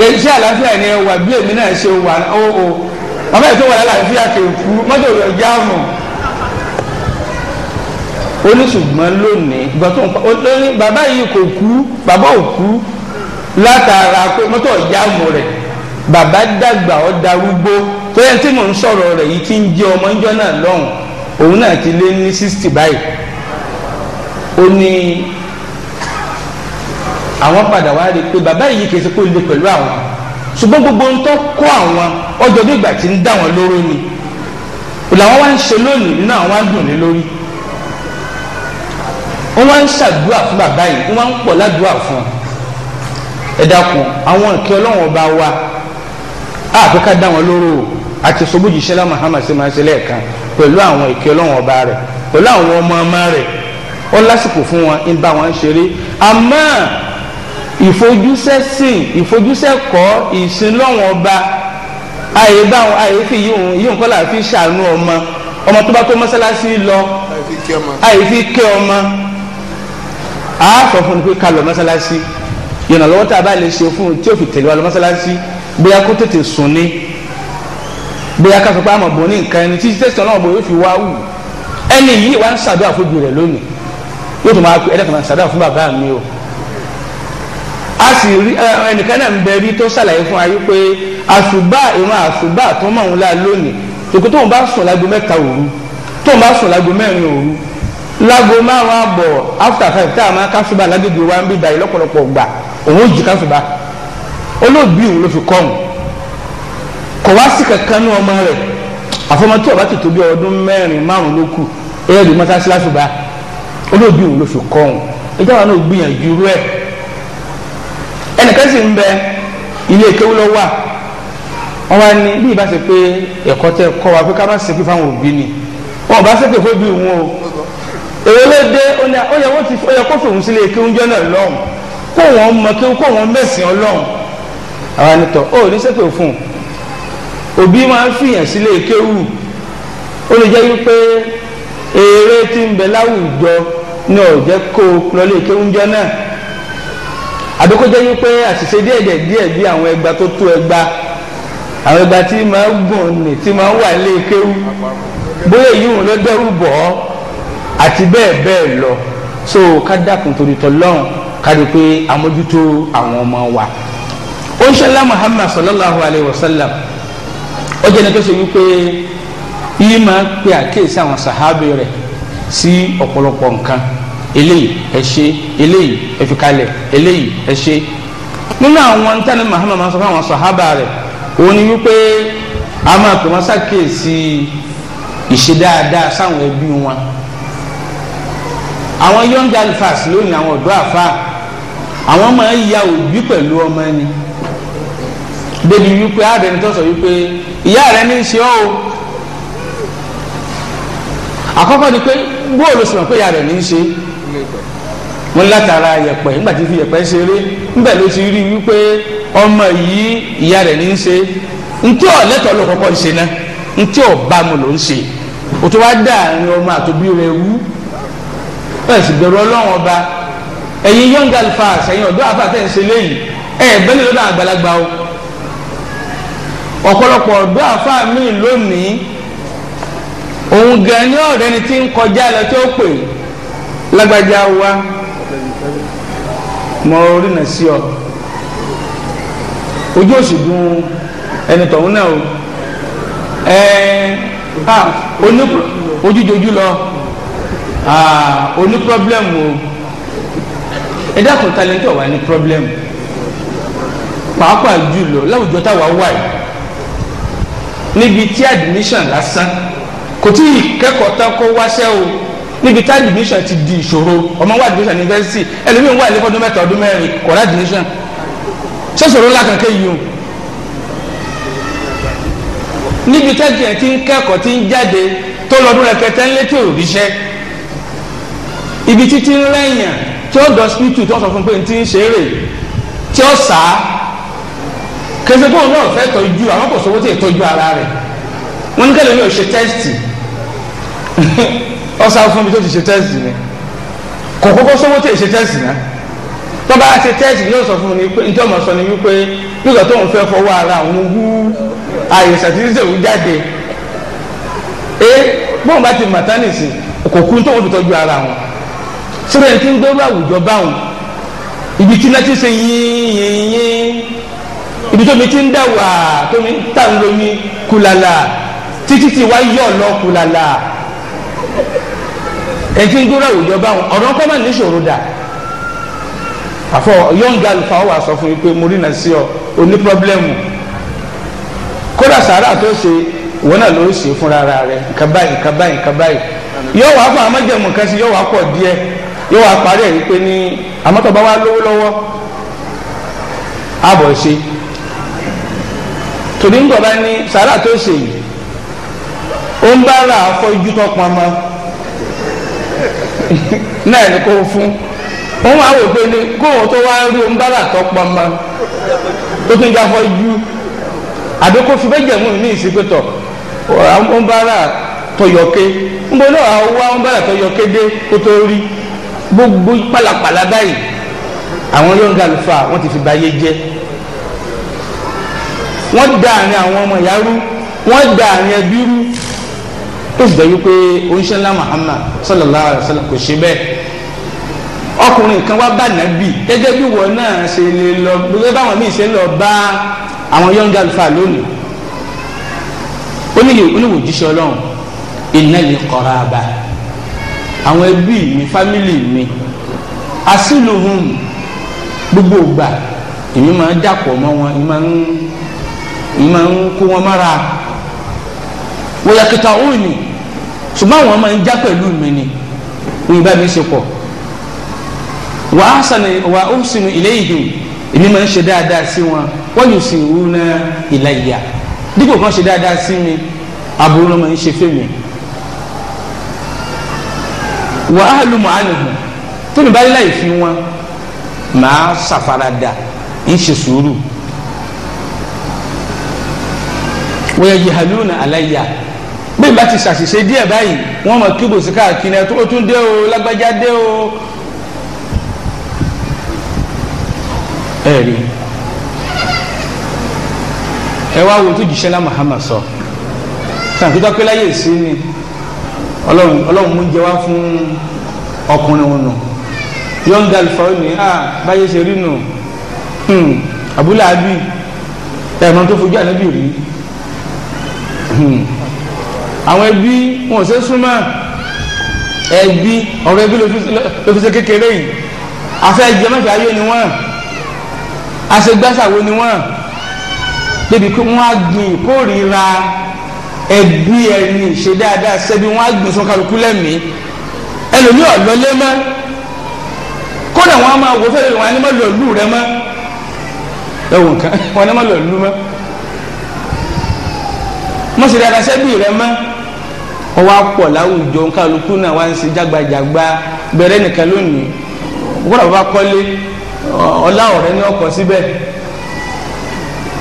lè ṣe àlàáfíà ni wà bí èmi náà ṣe wà ó o bàbá yìí tó wà lálàáfíà kò kú mọ́tò rẹ̀ jáàmù ó ní ṣùgbọ́n lónìí gbọ́tò ní bàbá yìí kò kú bàbá ò kú látara pé mọ́tò jáàmù rẹ̀ bàbá dàgbà ó darúgbó tó yẹ tí mò ń sọ̀rọ̀ rẹ̀ yìí ti ń jẹ́ ọmọ ńjọ́ náà lọ́hùn òun náà ti lé ní sixty báyìí ó ní àwọn padà wá rí i pé bàbá yìí kì í ṣe kó lè pẹ̀lú àwọn ṣùgbọ́n gbogbo ń tó kọ́ àwọn ọjọ́ bí ìgbà tí ń dá wọn lóró ni làwọn wá ń ṣe lónìí nínú àwọn á dùn ní lórí wọ́n wá ń ṣàdúrà fún bàbá yìí wọ́n wá ń pọ̀ ládùúrà fún un ẹ àwọn ìkẹ́ ọlọ́run ọba wa àfikà dá wọn lóró o àti sobójì sẹlẹ Muhammad ṣe máa ń ṣe lẹ́ẹ̀kan pẹ̀lú àwọn ìkẹ́ Ọlọ́run ọba rẹ̀ pẹ̀lú àwọn ọmọ ọmọ rẹ̀ ó lásìkò fún wọn ń bá wọn ṣeré àmọ́ ìfojúsẹ́sìn ìfojúsẹ́kọ́ ìsìn lọ́wọ́n ọba àyè báwọn àyè fi yíwọn yíwọn kọ́ làá fi ṣàánú ọmọ ọmọ tó bá tó mọ́sálásí lọ àyè fi kẹ́ ọmọ àá sọ fún un pé ká lọ mọ́sálásí ìrànlọ́wọ́ tá a bá lè ṣe fún un tí ó fi tẹ̀lé wa lọ mọ́sálásí bóyá kó tètè sùn ni. bóyá ká sọ pé àmọ̀ bò ní nǹkan ẹni títí tẹ̀sán náà fi wá wù ẹni yìí wá ń ṣàdúrà fún gbèrè lónìí yóò tó máa pe máa fún bàbá mi o a sì rí ẹnìkan náà ń bẹ tó ṣàlàyé fún ayé pé àṣùbà ìran àṣùbà tó mọ̀ ń la lónìí tòkó bá sùn lágbo mẹ́ta òru bá sùn lágbo mẹ́rin òru lágbo márùn àbọ̀ after five tá a máa káṣùbà kò wá sí kankan ní ọmọ rẹ̀ àfọmọ tí ọba tètè bí ọdún mẹ́rin márùn ló kù ẹyẹ lè mọta síláṣù bá olóògbé òun ló fi kọ òun ẹjọ́ wa náà gbìyànjú irú ẹ̀ ẹnìkan sì ń bẹ ilé kéwú wà wọn wá ní bí ìbá ṣe pé ẹ̀kọ́ tẹ kọ́ wa pé ká má ṣépè fáwọn òbí ni wọn ò bá ṣépè fún òbí wọn o èrè ló dé ó yẹ wọ́n ti ó yẹ kó fòun sílé kéwú jẹ́ náà lọ́hùn kó wọn mọ kéwú wọn mẹ̀sìn ọlọ́hùn àwa nítọ̀ ó ní ṣépè fún un òbí máa ń fìyàn sílé kéwù ó lè jẹ́ wípé eré tí ń bẹ láwùjọ ni ò jẹ́ kó lọlé kéwù jọ náà àbí kó jẹ́ wípé àṣìṣe díẹ̀ díẹ̀ bí àwọn ẹgba tó tó ẹgba àwọn ẹgba tí máa ń gùn ní tí máa ń wà lé kéwù bóyá yìí wọn ló dẹ́rù àti bẹ́ẹ̀ bẹ́ẹ̀ lọ so ká dákun torí tọ́lọ́run ká rí pé àmójútó àwọn ọmọ wa ó ń ṣẹlẹ̀ Muhammad sallallahu alayhi wa sallam ó jẹ́ ẹni tó ṣe wípé yìí máa ń pe àkíyèsí àwọn sàhábì rẹ̀ sí ọ̀pọ̀lọpọ̀ nǹkan eléyìí ẹ ṣe eléyìí ẹ fi kalẹ̀ eléyìí ẹ nínú àwọn tani Muhammad máa ń sọ fún àwọn sàhábà rẹ̀ òun ni wípé a máa pè wọ́n ṣàkíyèsí ìṣe dáadáa sáwọn ẹbí wọn àwọn young alphas lónìí àwọn ọ̀dọ́ àfa àwọn máa ń ya òbí pẹ̀lú ọmọ ẹni débi wípé ààrẹ tó sọ wípé ìyá rẹ ní í ṣe ó àkọ́kọ́ ni pé bóò sọ̀rọ̀ pé ìyá rẹ ní í ṣe wọn látara yẹ̀pẹ̀ nígbà tí fi yẹ̀pẹ̀ ṣeré níbẹ̀ ló ti rí wípé ọmọ yìí ìyá rẹ ní í ṣe ntí ọ lẹ́tọ̀ọ́ ló ṣe náà ntí bá mu ló ń ṣe o tó wá dá àárín ọmọ àtòbí rẹ wú sì ọba ń ṣe ọ̀pọ̀lọpọ̀ ọ̀dọ́ àfáà míì lónìí òun gan ni ọ̀rẹ́ ni ti ń kọjá lọ tí ó pè lágbájá wa mọ orínà sí ọ ojú òsì gun ẹni tọ̀hún náà o ẹ̀ẹ́n ah ojújojú lọ ah oní pírọ́blẹ́mù o ẹ dákun talẹ́ntì ọ̀wá ní pírọ́blẹ́mù pàápàá jùlọ láwùjọ táwa wà yìí níbi tí admission lásán kò tí ì kẹ́kọ̀ọ́ tán kó wáṣẹ́ o níbi tí admission ti di ìṣòro ọmọ wa admission ní yunifásitì ẹlòmíín wà lẹ́kọ̀ọ́ ọdún mẹ́ta ọdún mẹ́rin kò rá admission sọ̀sọ̀rọ̀ ńlá kankan yìí o níbi tí admission ti ń kẹ́kọ̀ọ́ ti ń jáde tó lọ́dún rẹ̀ kẹtẹ́ ń létí òrìṣẹ́ ibi títí ń rẹ̀yàn tí ó dọ̀ spiritu tí wọ́n sọ fún pé ti ń ṣeré tí ó sàá kẹsẹ̀ tó ń lọ́ọ̀ fẹ́ tọ́jú àwọn kò sọ́wọ́ tí ì tọ́jú ara rẹ̀ wọ́n ní kẹ́lẹ́ mi ò ṣe tẹ́sítì ọ̀sán [LAUGHS] fún mi tó ti ṣe tẹ́sítì ni kò kókó sọ́wọ́ tí ì ṣe tẹ́sítì náà tó bá ṣe tẹ́sítì yóò sọ fún mi pé njẹ́ ọmọ sọ ni wípé nígbà tó ń fẹ́ fọwọ́ ara àwọn wú àyè sàtìrìsẹ̀ wú jáde ẹ bóun bá ti màtánìsì kò kún tó ń fi tọ́jú ara wọn síbẹ̀ ní tí ń gbé wàwùjọ báwọn ibi tí náà ti ṣe ibi tómi ti ń dà wá tómi tà ń lomi kulala títí tí wá yọ̀ lọ kulala ẹtí ń dúró àwùjọ báwọn ọ̀rọ̀ kọ́ máa ní ìṣòro dà àfọ yọ̀ǹga lufa wà sọ fún mi pé mo rí náà sí ọ o ní pọ́blẹ́mù kódà sàárà tó ṣe wọn náà ló ṣe fúnra ara rẹ nǹkan báyìí nǹkan báyìí nǹkan báyìí yóò wá fún amájẹmú kan sí yóò wá pọ̀ díẹ̀ yóò wá parí ẹ̀ wípé ní amọ́tọ̀ bá lówó lọ́wọ́ àbọ̀ ṣe torí ń gbọ̀bá ní sàrà tó ṣe yìí ó ń bá ra àfọjú tó pọn mọ́ [LAUGHS] náà ní kó fún wọn wá wò pé ní kóhùn tó wá rí ń bá ra tó pọn mọ́ tó tún jẹ́ àfọjú àbí kó fi bẹ́jẹ̀ mú ní ìsìnkútọ̀ ó ń bá ra tọyọ̀ké ń bọ́ náà wá ń bá ra tọyọ̀ké dé kó tó rí gbogbo pàlàpàlà báyìí àwọn yóò ń ga wọ́n ti fi báyé jẹ́ wọ́n da àárín àwọn ọmọ ìyá rú wọ́n da àárín ẹbí rú tó sì dẹ́yìn pé oníṣẹ́lá Muhammad sallallahu alayhi wa sallam kò ṣe bẹ́ẹ̀ ọkùnrin kan wá bá nàbì gẹ́gẹ́ bí wọn náà ṣe lè lọ gẹ́gẹ́ báwọn míì ṣe lọ bá àwọn young alfa lónìí oníyè oníwòjíṣẹ́ ọlọ́run innal qaraba àwọn ẹbí mi fámìlì mi asiluhum gbogbo ìgbà èmi máa dàpọ̀ mọ́ wọn èmi ń máa ń kó wọn mára wọ́yà kìtà òun ni ṣùgbọ́n àwọn máa ń já pẹ̀lú mi ni òun bá mi ṣe pọ̀ wà á sànni wà ó sinú ilé ìdè èmi máa ń ṣe dáadáa sí wọn wọ́n yóò sì rú ná ìlà ìyá dípò kan ṣe dáadáa sí mi àbúrò náà máa ń ṣe fèmí wà á lu màánuhu tó bá láì fi wọn màá ṣàfaradà ń ṣe sùúrù. wọ́n yẹ haluna aláya bí n bá ti ṣàṣìṣe díẹ̀ báyìí wọ́n mọ̀ kí bòsí káàkiri ẹ̀ tó tún dé o lágbájá dé o. ẹ rí ẹ wá wo tó jìṣẹ́ lá Muhammad sọ tàbí tó pé láyé sí ni ọlọ́run ọlọ́run mú jẹ wá fún ọkùnrin wọn nù yọ̀ǹda alifáwọ́ ni a báyé ṣe rí nù abúlé àbí ẹ̀rọ tó fojú ànábì rí. Hmm. àwọn ẹbí wọn ò ṣe súnmọ́ ẹbí ọ̀rọ̀ ẹbí ló fi ṣe kékeré yìí afẹ́ jẹmọ́fẹ́ ayé ni wọ́n aṣègbàṣàwo ni wọ́n débi pé wọ́n á gbìn ìkórìíra ẹbí ẹni ṣe dáadáa sẹ́bi wọ́n á gbìn sọ kálukú lẹ́mìí ẹlòmíì ọ̀lọ́lé mọ́ kódà wọ́n á máa wò fẹ́rẹ̀ wọn á ní má lọ lù rẹ mọ́ ẹ̀wọ̀n kan wọn á ní má lọ lù mọ́ mọ̀ sí dáadáa sẹ́bí rẹ mọ́ wọ́n wá pọ̀ láwùjọ kálukú náà wá ń ṣe jágbajàgba bẹ̀rẹ̀ nìkan lónìí wọ́n bá kọ́lé ọlá ọ̀rẹ́ ní ọkọ̀ síbẹ̀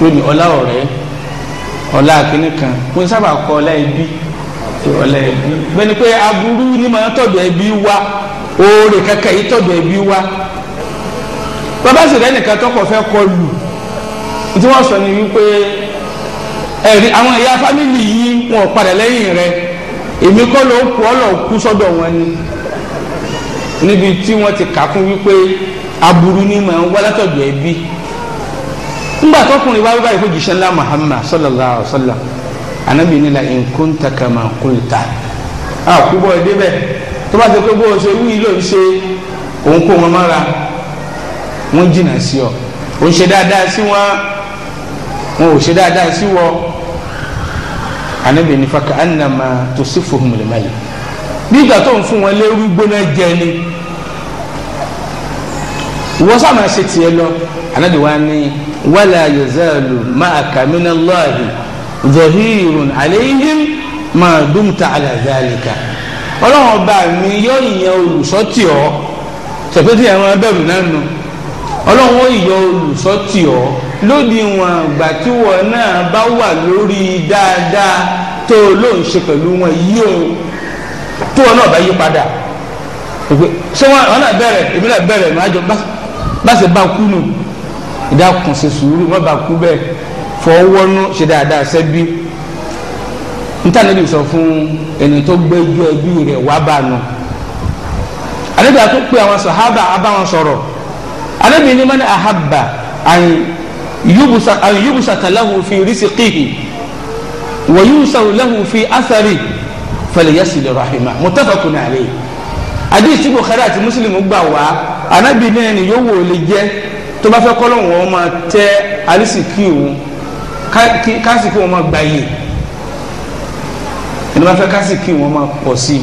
lónìí ọlá ọ̀rẹ́ ọlá akínní kan kò sábà kọ ọlá ẹbí ọlá ẹbí bẹ́ẹ̀ni pé aburú ni màá tọ̀dọ̀ ẹbí wa oore kankan yìí tọ̀dọ̀ ẹbí wa bàbá sì rẹ́ nìkan tọkọ̀ fẹ́ kọ lù tí wọ́n sọ ni wípé ẹ̀rí àwọn ẹ̀yà fámìlì yìí wọn padà lẹ́yìn rẹ èmi kọ́ ló kú ọ́ lọ́ọ́ kú sọ́dọ̀ wọn ni níbi tí wọ́n ti kà fún wípé aburú ni mà ń wá látọ̀dọ̀ ẹbí ńgbà tọkùnrin wá wíwá ìfojì sẹ́ńlá Muhammad sallallahu alayhi wa sallam anabi ni la nkunta a kú bọ́ ẹ débẹ̀ tó bá ti bó o ṣe wí ló ń ṣe òun kó wọn jìnnà sí ọ òun ṣe dáadáa sí wọn anabi nifa ka anama to si fohun lè mayi nígbà tó ń fún wọn léwu gbóná jẹ ni wọ́n sàmà ṣe tiẹ̀ lọ anabi wa ni wala yazalu ma'aka minallahi zahirun aleihim ma dumta ala zalika ọlọ́run ọba mi yóò yan olùsọ́tì ọ́ tẹ̀pẹ́tì àwọn abẹ́rù náà nù ọlọ́run ó yan ọ́ lódiwọ̀n ìgbà tí wọn náà bá wà lórí dáadáa tó ló ń ṣe pẹ̀lú wọn yìí o tó wọn náà bá yí padà ṣé wọn náà bẹ̀rẹ̀ èmi náà bẹ̀rẹ̀ máa jọ bá ṣe bá kú nù ìdákun ṣe sùúrù wọn bá kú bẹ́ẹ̀ fọwọ́nú ṣe dáadáa sẹ́bí ntànẹ́bí sọ fún ẹni tó gbẹ́jọ́ ẹbí rẹ̀ wá bá nù àdébíà tó pe àwọn sàhábà abáwọn sọ̀rọ̀ àdébíà ní àhábà àyìn yubusa aw yubusata lahu fi risiqihi wa yusaru lahu fi asari falyasilu rahima mutafakun alayhi hadith tí bukhari àti muslim gbà wá anabi náà ni yóò wò lè jẹ tó bá fẹ́ kọ́ lọ́wọ́ wọn máa tẹ alisiki òun kásìkì wọn máa gbà yìí ẹni bá fẹ́ kásìkì wọn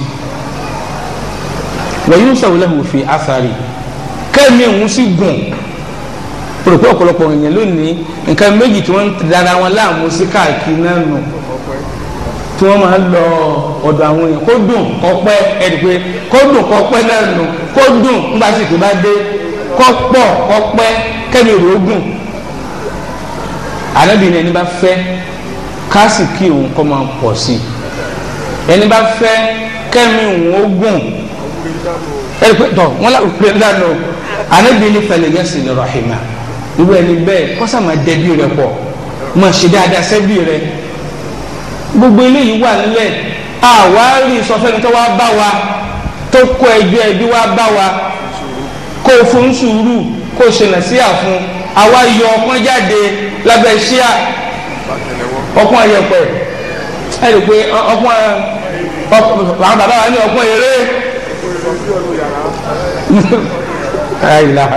wa yusaru lahu fi asari kẹ́mi òun sì gùn rò pé ọ̀pọ̀lọpọ̀ èèyàn lónìí nǹkan méjì tí wọ́n ń dára wọn láàmú sí káàkiri náà nù tí wọ́n máa ń lọ ọ̀dọ̀ àwọn èèyàn kó dùn kó pẹ́ ẹ̀dì pé kó dùn kó pẹ́ náà nù kó dùn nígbà tí ìpè bá dé kó pọ̀ kó pẹ́ kẹ́mi rè ó gùn arábìnrin ẹni bá fẹ́ kásìkì òun kó máa pọ̀ sí i ẹni bá fẹ́ kẹ́mi òun ó gùn pé tọ̀ wọ́n lọ pé lánàá arábìnrin fẹ́lẹ̀ yẹ́sìn rahima irú ẹni bẹ́ẹ̀ kọ́sà máa dẹbí rẹ pọ̀ máa ṣe dáadáa sẹ́bí rẹ gbogbo eléyìí wà nílẹ̀ àwárí ìsọfẹ́ni tó wá bá wa tó kó ẹjọ́ ẹbí wá bá wa kó o fún sùúrù kó o ṣe nàṣíà fún àwa yọ ọpọ́n jáde lábẹ́ ṣíà ọpọ́n ayẹ̀pẹ̀ ẹ lè pe ọpọ́n àwọn bàbá wa ní ọpọ́n eré. la ilaha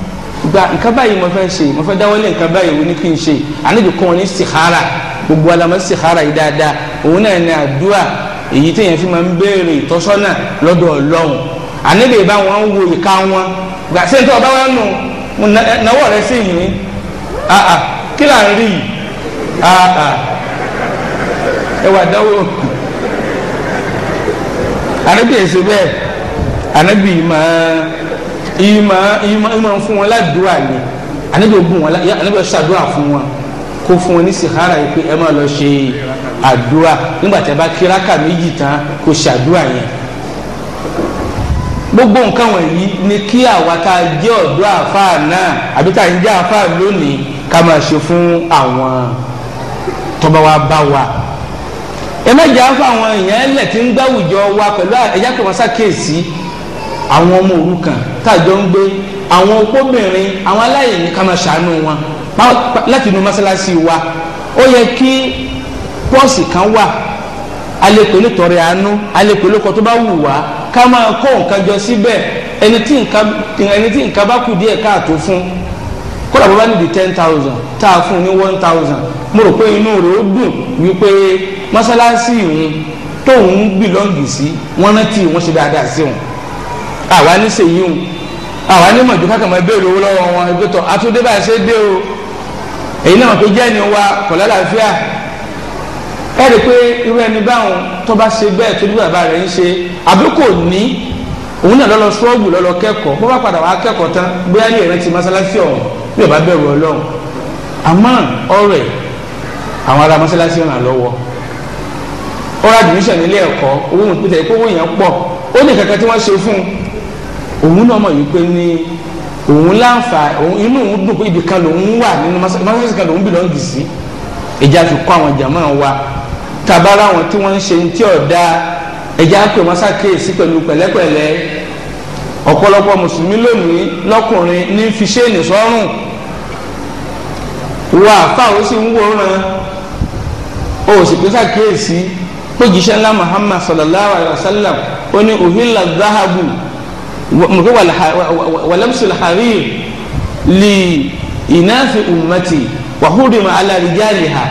gba nǹkan báyìí mo fẹ́ ṣe mo fẹ́ dáwọ́lé nǹkan báyìí wo ni kí n ṣe ànábì kọ́ wọn ní sihara gbogbo alamọ sihara yìí dáadáa òun náà ní àdúrà èyí téèyàn fi máa ń béèrè ìtọ́sọ́nà lọ́dọ̀ ọlọ́run ànábì bá wọn wo ìka wọn gbà sí nítorí ọba wọn nù náwó rẹ sí yìí àà kí là ń rí yìí àà ẹ wà dáwọ́ ànábì èsì bẹ́ẹ̀ ànábì máa ima ima fún wọn ládùúrà ni ànábì ogun wọn ànábì ọ̀ṣọ́ àdúrà fún wọn kó fún wọn ní sihara yìí pé ẹ máa lọ ṣe àdúrà nígbà tí a bá kí rákà méjì tán kó ṣàdúrà yẹn gbogbo nǹkan wọ̀nyí ni kí àwa tá a jẹ́ ọ̀dọ́ náà àbí tá a ń lónìí ká máa ṣe fún àwọn tọ́ba wa bá wa ẹ má jẹ́ àfáà àwọn èèyàn ẹlẹ̀ tí ń gbáwùjọ wa pẹ̀lú ẹ̀yà pé wọ́n àwọn ọmọ òrukàn tájọ ń gbé àwọn opóbìnrin àwọn aláìní ká máa ṣàánú wọn láti inú mọ́sálásí wa ó yẹ kí pọ́ọ̀sì kan wà alẹ́pẹ̀lẹ́ tọrẹ àánú alẹ́pẹ̀lẹ́ kọ́ tó bá wù wá ká máa kó nǹkan jọ síbẹ̀ ẹni tí nǹkan bá kù díẹ̀ káàtó fún kódà bó bá níbi ten thousand tá a fún ní one thousand mo rò pé inú rẹ̀ ó dùn wípé mọ́sálásí ìhun tóun gbìlọ́ǹgì sí wọ́n rántí wọ́n ṣe dáadáa sí òun àwa ní sèyí o àwa ní mọ̀jú kákàmọ́ béèrè owó lọ́wọ́ wọn ẹgbẹ́ tọ́ àtúndé báyìí ṣe dé o èyí náà tó jẹ́ ẹni wa kò lálàáfíà ẹ rí i pé irú ẹni báwọn tó bá ṣe bẹ́ẹ̀ tó ní bàbá rẹ̀ ń ṣe àbí kò ní òun náà lọ́lọ́ ṣọ́ọ̀bù lọ́lọ́ kẹ́kọ̀ọ́ bó bá padà wá kẹ́kọ̀ọ́ tán bóyá ní ìrántí mọ́sálásí ọ̀hún bí ọba bẹ̀rù ọlọ́run àmọ́ ọ̀rẹ́ àwọn ará mọ́sálásí ràn lọ́wọ́ ọ̀rọ̀ àdìmíṣàn nílé ẹ̀kọ́ owó mọ̀ pété yẹn pọ̀ ó ní kankan tí wọ́n ṣe fún un òun náà mọ̀ yìí pé ní òun láǹfà òun inú òun dùn pé ibì kan lòun wà nínú mọ́sánsẹ́sì kan lòun bìlọ́ǹgì sí ẹja fi kọ́ àwọn jàmọ́ wa tabara àwọn tí wọ́n ń ṣe ti ọ̀dà ẹja pé wọ́n ṣàkíyèsí pẹ̀lú pẹ̀lẹ́pẹ̀lẹ́ ọ̀pọ̀lọpọ̀ mùsùlùmí lónìí lọ́kùnrin ní fi ṣéènì sọ́rùn wà fáwọn sì ń wòran o sì pé ṣàkíyèsí pé jíṣẹ́ ńlá Muhammad sallallahu alayhi wa sallam ó ní òhìnlá zahabu mọ̀kẹ́ wàlámsùl harir lè ìnáfi ummati wàhúrìmù alárìjáde ha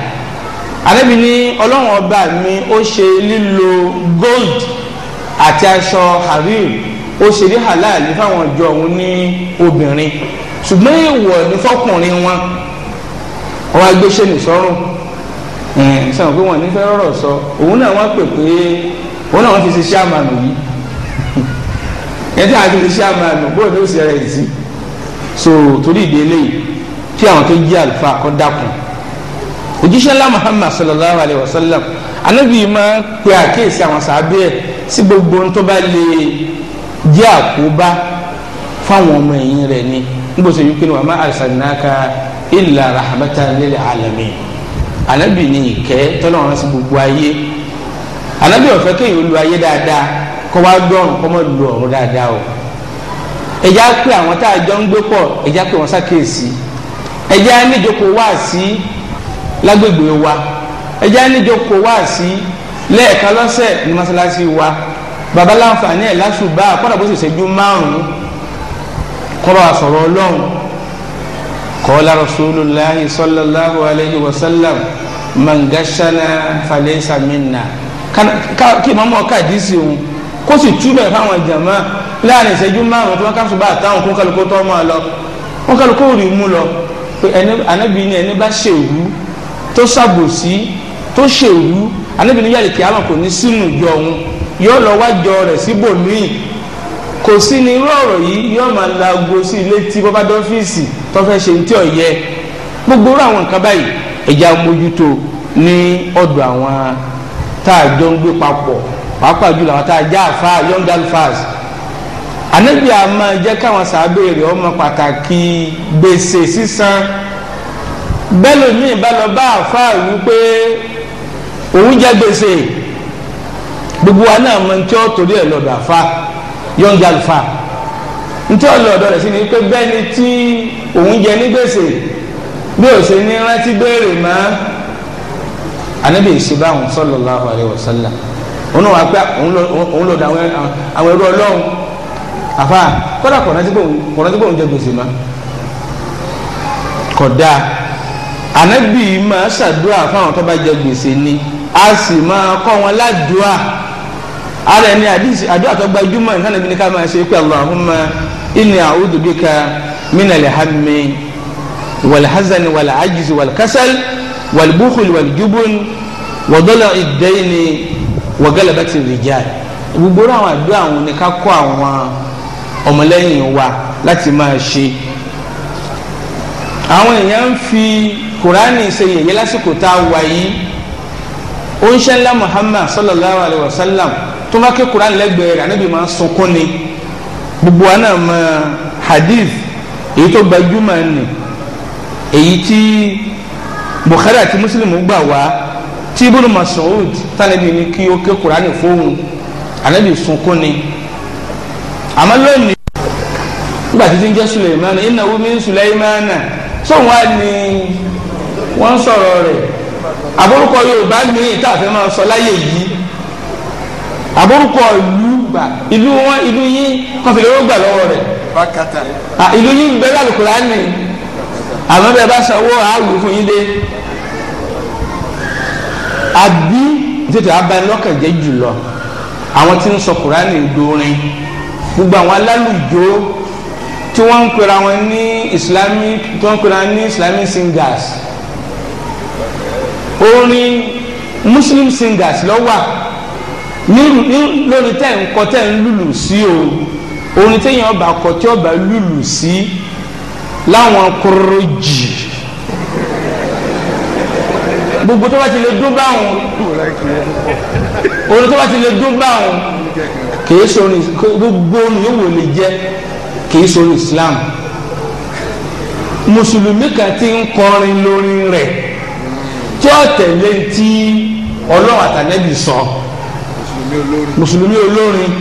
àrẹ́bí ní ọlọ́run ọba mi ó ṣe lílo gold àti aṣọ harir ó ṣe ní halal fáwọn ìjọ òun ní obìnrin ṣùgbọ́n èèwọ̀ ní fọkùnrin wọn wọn agbéṣẹ́ nìṣọ́rùn sọ̀rọ̀ pé wọn ní fẹ́ sọ òun náà wọ́n pè pé òun náà wọ́n fi ṣe ṣé àmàlù yìí yẹn tí a ti lè ṣe àmàlù bóyá ó sì rẹ̀ sí so torí ìdí eléyìí kí àwọn tó jí àlùfáà kọ́ dákun òjíṣẹ́ ńlá Muhammad sallallahu alayhi wa sallam anábì máa ń pe àkíyèsí àwọn sàábẹ́ ẹ̀ sí gbogbo ohun tó bá lè jẹ́ àkóbá fáwọn ọmọ ẹ̀yìn rẹ̀ ni níbo sọ wípé wa ma arsalnaka illa rahmatan lil alamin anábì ní ìkẹ́ tọ́lọ́run sí gbogbo ayé anábì ọ̀fẹ́ kéèyàn lu ayé dáadáa kọ́ wá gbọ́rùn kọ́ mọ́ lu ọ̀rọ̀ dáadáa o ẹ̀já pé àwọn tá a jọ ń gbé pọ̀ ẹ̀já pé wọ́n ṣàkíyèsí ẹ̀já níjoko wá sí lágbègbè wa ẹ̀já níjoko wá sí lẹ́ẹ̀kan lọ́sẹ̀ ní mọ́ṣáláṣí wa baba láǹfààní ẹ̀ láṣùbà kọ́dà bó sì ṣẹ́jú márùn-ún kọ́rọ̀ àsọ̀rọ̀ ọlọ́run kọ́lá rasulillahi sallallahu alayhi wa sallam mangashana falesa minna kí mọ́mọ́ káàdì sí òun kó sì túbẹ̀ fáwọn jàmá láàrin ìṣẹ́jú márùn tí wọ́n ká ṣùgbọ́n àtàwọn kó kálukó tó máa lọ wọ́n kálukó rí mú lọ pé ànábì ni ẹni bá ṣèwú tó ṣàbòsí tó ṣèwú ànábì ni yàrá kìámà kò ní sínú ìjọ òun yóò lọ wájọ rẹ̀ síbòmíì kò sí ní irú ọ̀rọ̀ yìí yóò máa laago sí ilé tí bọ́bá dọ́fíìsì tó fẹ́ ṣe tí ò yẹ gbogbo irú àwọn nǹkan báyìí ẹ̀já mójútó ní ọ̀dọ̀ àwọn tá a jọ ń gbé papọ̀ pàápàá jùlọ àwọn tá a já àfa young alfas anabi àmọ́ jẹ́ káwọn sàbẹ̀rẹ̀ ọmọ pàtàkì gbèsè sísan bẹ́ẹ̀ lómi ìbálò bá àfa wípé òun jẹ́ gbèsè gbogbo wa náà mọ ntí ọ torí ẹ lọ́dọ̀ àfa young alfa ntí ọ lọ́dọ̀ rẹ̀ sí ni pé bẹ́ẹ̀ ni tí òun jẹ ní gbèsè bí o ṣe ní rántí béèrè mọ́ anabi ìṣe báwọn sallallahu alaihi wasallam òun náà wà pé òun lò dá àwọn ẹrú ọlọ́run àfa kọ́dà kọ̀ọ̀nà tí kò ń jẹ gbèsè ma kódà ànábì máa ṣàdúrà fáwọn tó bá jẹ gbèsè ni a sì máa kọ́ wọn ládùúà ara ẹni àdúrà tó gbajúmọ̀ nǹkan nàbí ni ká máa ṣe pé Allahumma inni a'udhu bika minal hammi wal hazan wal ajiz wal kasal wal bukhul wal jubun wa dala'i ad-dayni wọ́gẹ́lẹ́bẹ́ ti rìjà gbogbo àwọn àdúrà àwọn ni ká kọ́ àwọn ọmọlẹ́yìn wa láti máa ṣe àwọn èèyàn ń fi kùránì ṣe lásìkò tá a wà yìí ó Muhammad sallallahu alayhi wa sallam tó bá ké kùránì lẹ́gbẹ̀ẹ́ rẹ̀ anábì máa ń sunkún ni gbogbo wa mọ hadith èyí tó gbajúmọ̀ ni èyí tí Bukhari àti Muslim gbà wá tí ibùdó masoud tánàbí ni kí ó ké kurani fóun ànábì sunkún ni àmọ́ lónìí nígbà tí ti ń jẹ́ suleimana iná wumi suleimana sóun wá ní wọ́n sọ̀rọ̀ rẹ̀ àbórúkọ yorùbá ní ìtàfẹ́ máa sọ láyé yìí àbórúkọ ìlú gbà ìlú wọn ìlú yín kọfìlẹ̀ ó gbà lọ́wọ́ rẹ̀ ìlú yín bẹ́ẹ̀ lálùkùránì àmọ́ bẹ́ẹ̀ bá sanwó àlù fún yín dé àbí tètè abanilọ́kànjẹ́ jùlọ àwọn tí ń sọ kuraani dorin gbogbo àwọn alálùjọ tí wọ́n ń pera wọn ní islamic tí wọ́n ń pera ní islamic singers orin muslim singers lọ́wọ́ lórí tẹ́ ń kọ tẹ́ ń lùlù sí o orin tẹ́yìn ọba kọ tí ọba lùlù sí láwọn kúrò jì gbogbo tó bá ti lè dún báwọn orin tó bá ti lè dún báwọn kìí sọ̀rọ̀ gbogbo orin yóò wò lè jẹ kìí sọ̀rọ̀ Islam mùsùlùmí kan ti ń kọrin lórí rẹ̀ tí ó tẹ̀lé ti ọlọ́run àtàlẹ́bí sọ mùsùlùmí olórin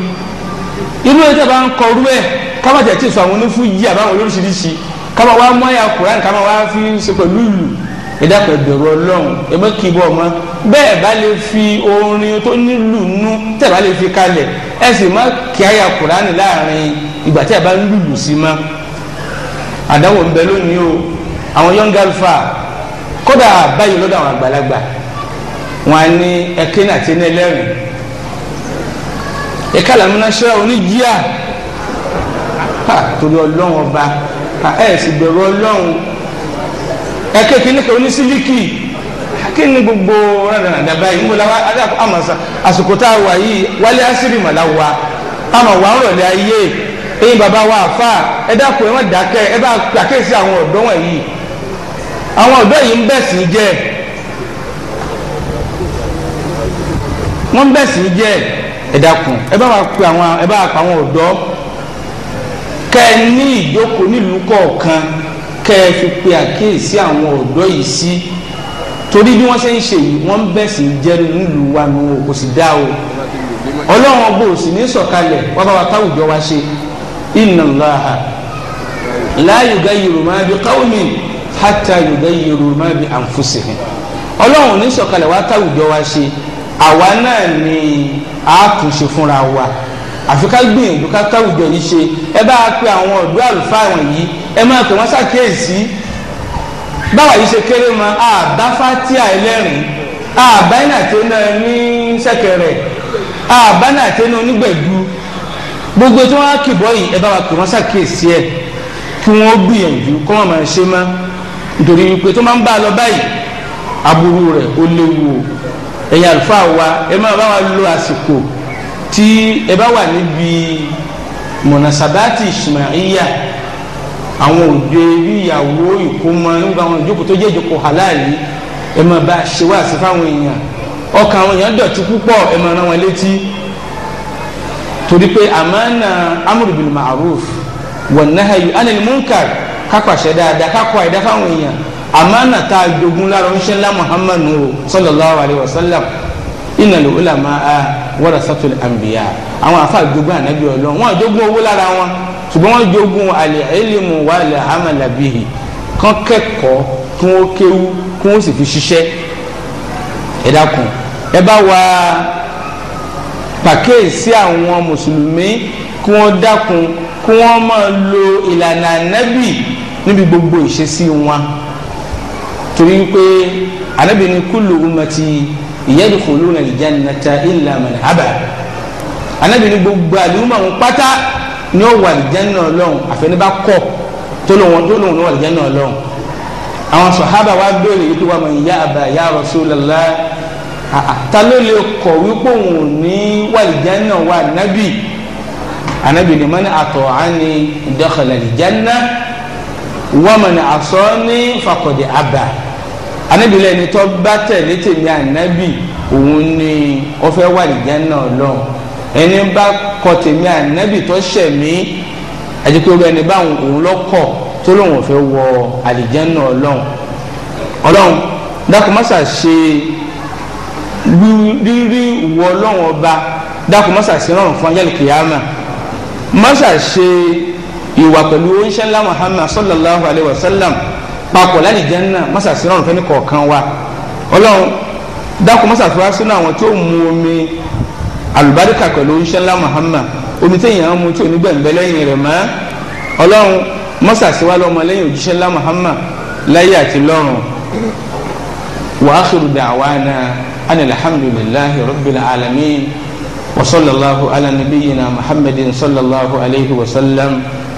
inú ẹ̀ a bá ń kọrú ẹ̀ kábàjẹ́ tí sọ àwọn onífúyì àbáwọn olóríṣiríṣi kábàwá mọ́yà kùrán kábàwá fi ń ṣe pẹ̀lú ìlú ìdàpọ̀ ìbẹ̀rù ọlọ́run ẹ̀mọ́ kì í bọ̀ ọmọ bẹ́ẹ̀ bá lè fi orin tó nílù nú tẹ̀ bá lè fi kalẹ̀ ẹ sì má kí àyà kùránì láàrin ìgbà tí a bá ń lùlù sí ma àdáwọ̀ ń bẹ lónìí o àwọn yọ̀ǹgà fà kódà báyìí lọ́dọ̀ àwọn àgbàlagbà wọn á ní ẹkẹ́ni àti ẹni ẹlẹ́rìn ẹ̀ka làmúnáṣẹ́ oníjìyà torí ọlọ́run ọba ẹ̀ sì bẹ̀rù ọlọ́run. ẹ̀kẹ́ kìíní kan ní sílíkì kí ni gbogbo rẹ̀dàdà báyìí níbo làwọn àmàṣà àsìkò tá a wà yìí wálé màlá wa Ama wà ń ayé baba wa àfà ẹ dákun ẹ wọ́n dákẹ́ ẹ àwọn ọ̀dọ́ wọ̀nyí àwọn ọ̀dọ́ yìí ń bẹ̀ sí jẹ́ wọ́n ń bẹ̀ sí jẹ́ ẹ kẹ́ ẹ fi pe àkíyèsí àwọn ọ̀dọ́ yìí sí torí bí wọ́n ṣe ń ṣe yìí wọ́n ń bẹ̀sì jẹ́ nílùú wa nù kò sì dá o ọlọ́run ọgbọ́n ò sì ní sọ̀kalẹ̀ wọ́n bá wa táwùjọ wa ṣe inna Allaha la yughayyiru ma bi qawmin hatta yughayyiru ma bi anfusihim ọlọ́run ò ní sọ̀kalẹ̀ wa táwùjọ wa ṣe àwa náà ni a tún ṣe fúnra wa àfi ká gbìyànjú ká káwùjọ yìí ṣe ẹ bá pe àwọn ọ̀dọ́ àlùfáà wọ̀nyí ẹ máa pè wọ́n ṣàkíyèsí báwa yìí ṣe kéré mọ àbá fatia ẹlẹ́rìn àbá ìnàtẹ́ náà ní sẹ́kẹ̀rẹ̀ àbá ìnàtẹ́ náà onígbẹ̀dú gbogbo tí wọ́n á kìbọ̀ yìí ẹ bá wa pè wọ́n ṣàkíyèsí ẹ kí wọ́n gbìyànjú kọ́ wọn máa ṣe mọ́ nítorí wípé tó máa ń bá a lọ báyìí aburú rẹ̀ ó léwu ẹ̀yin àlùfáà wa ẹ máa bá wa lo àsìkò tí ẹ bá wà níbi mọ̀nàsábàtì ìsìmáìyà àwọn òde bí ìyàwó ìkómọ nígbà àwọn ìjókòó tó jẹ́ ìjókòó halali ẹ máa bá a ṣe wá sí fáwọn èèyàn ọkàn àwọn èèyàn dọ̀tí púpọ̀ ẹ máa rán wọn létí torí pé àmánà amúrù bìlì màrúf wọn náà yìí ánìlì múnkàr kápàṣẹ dáadáa kápọ àìdá fáwọn èèyàn àmánà tá a jogún lára oníṣẹ́ ńlá muhammadu sallallahu alayhi wa sallam innal ulama a warasatul anbiya àwọn afa jogún anabi Ọlọ́run wọn jogún owó lára wọn ṣùgbọ́n wọn jogún al-ilmu wal-amala bihi kán kẹ́kọ̀ọ́ kí wọ́n kéwú kí wọ́n sì fi ṣiṣẹ́ ẹ dákun ẹ bá wa pàkíyèsí àwọn mùsùlùmí kí wọ́n dákun kí wọ́n máa lo ìlànà ànábì níbi gbogbo ìṣesí wọn torí pé ànábì ní kullu ummati yadkhuluna aljannata illa man haba anabi ni gbogbo àlùmọ̀ àwọn pátá ni ó wà àlùjánnà ọlọ́run àfẹnibà kọ̀ tó lòun tó lòun ní wà àlùjánnà ọlọ́run àwọn sọ̀hábà wa béèrè yìí tó wà mọ̀ ìyá àbá ya Rasulullah ta ló lè wípé òun ò ní wà àlùjánnà wà nábì anabi ni man ata'ani dakhala aljanna wa man asani faqad aba anábìlẹ̀ ẹni tó bá tẹ̀lé tèmi ànábì òun ni wọ́n fẹ́ wà nìjẹ́ náà lọ ẹni bá kọ tèmi ànábì tó ṣẹ̀ mí àdìpẹ́rù ẹni báwọn òun lọ kọ̀ tó lóun ò fẹ́ wọ àlìjẹ́ náà ọlọ́run ọlọ́run ṣe rírí wọ ọlọ́run ọba dákùmọ́sà ṣe rọrùn fún ajá lùkìyàmà mọ́sà ṣe ìwà pẹ̀lú oníṣẹ́ ńlá Muhammad sallallahu alayhi wa sallam papọ̀ láti Janna mọ́sàsí rọrùn fẹ́ni kọ̀ọ̀kan wa ọlọ́run dákun mọ́sàsí wa sínú àwọn tí ó mu omi alùbáríkà pẹ̀lú oníṣẹ́lá Muhammad omi téèyàn mu tí ò ní gbẹ̀ǹbẹ̀ lẹ́yìn rẹ̀ mọ́ ọlọ́run mọ́sàsí wa lọ́mọ lẹ́yìn òjíṣẹ́lá Muhammad láyé àti lọ́run wa akhiru da'wana anil hamdulillahi rabbil alamin wa sallallahu ala nabiyyina Muhammadin sallallahu alayhi wa sallam.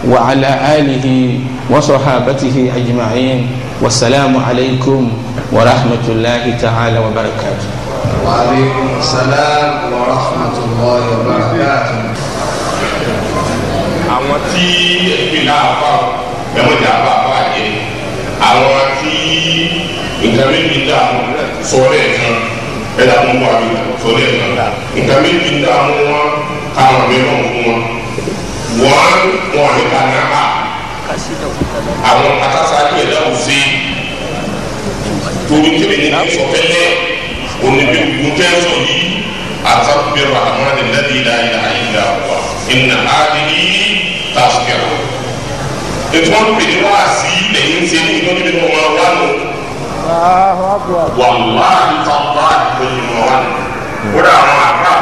وعلى آله وصحابته أجمعين والسلام عليكم ورحمة الله تعالى وبركاته وعليكم السلام ورحمة الله وبركاته àwọn tí ìpínlẹ̀ àbá ẹ̀wọ̀n dà bá bá yẹ àwọn tí nǹkan méjì dà sọ̀rọ̀ ẹ̀ kan ẹ̀dá mú wà mí sọ̀rọ̀ ẹ̀ nǹkan méjì dà mú wọn káwọn mìíràn mú wọn wọ́n wọn ní kanaka àwọn akásáré yẹn dáhùn sí torí kébé ní kí sọ fẹ́lẹ́ oníbi gbùtẹ́sọ yìí asabiru amani ladi la ilaha illa huwa inna adihi tasbiru ètò wọn pè ní wáàsí lẹ́yìn tí ẹni tó níbi tó máa wá nù wàláhi tàbá ìpè ní wọn wá nù kódà àwọn àbá.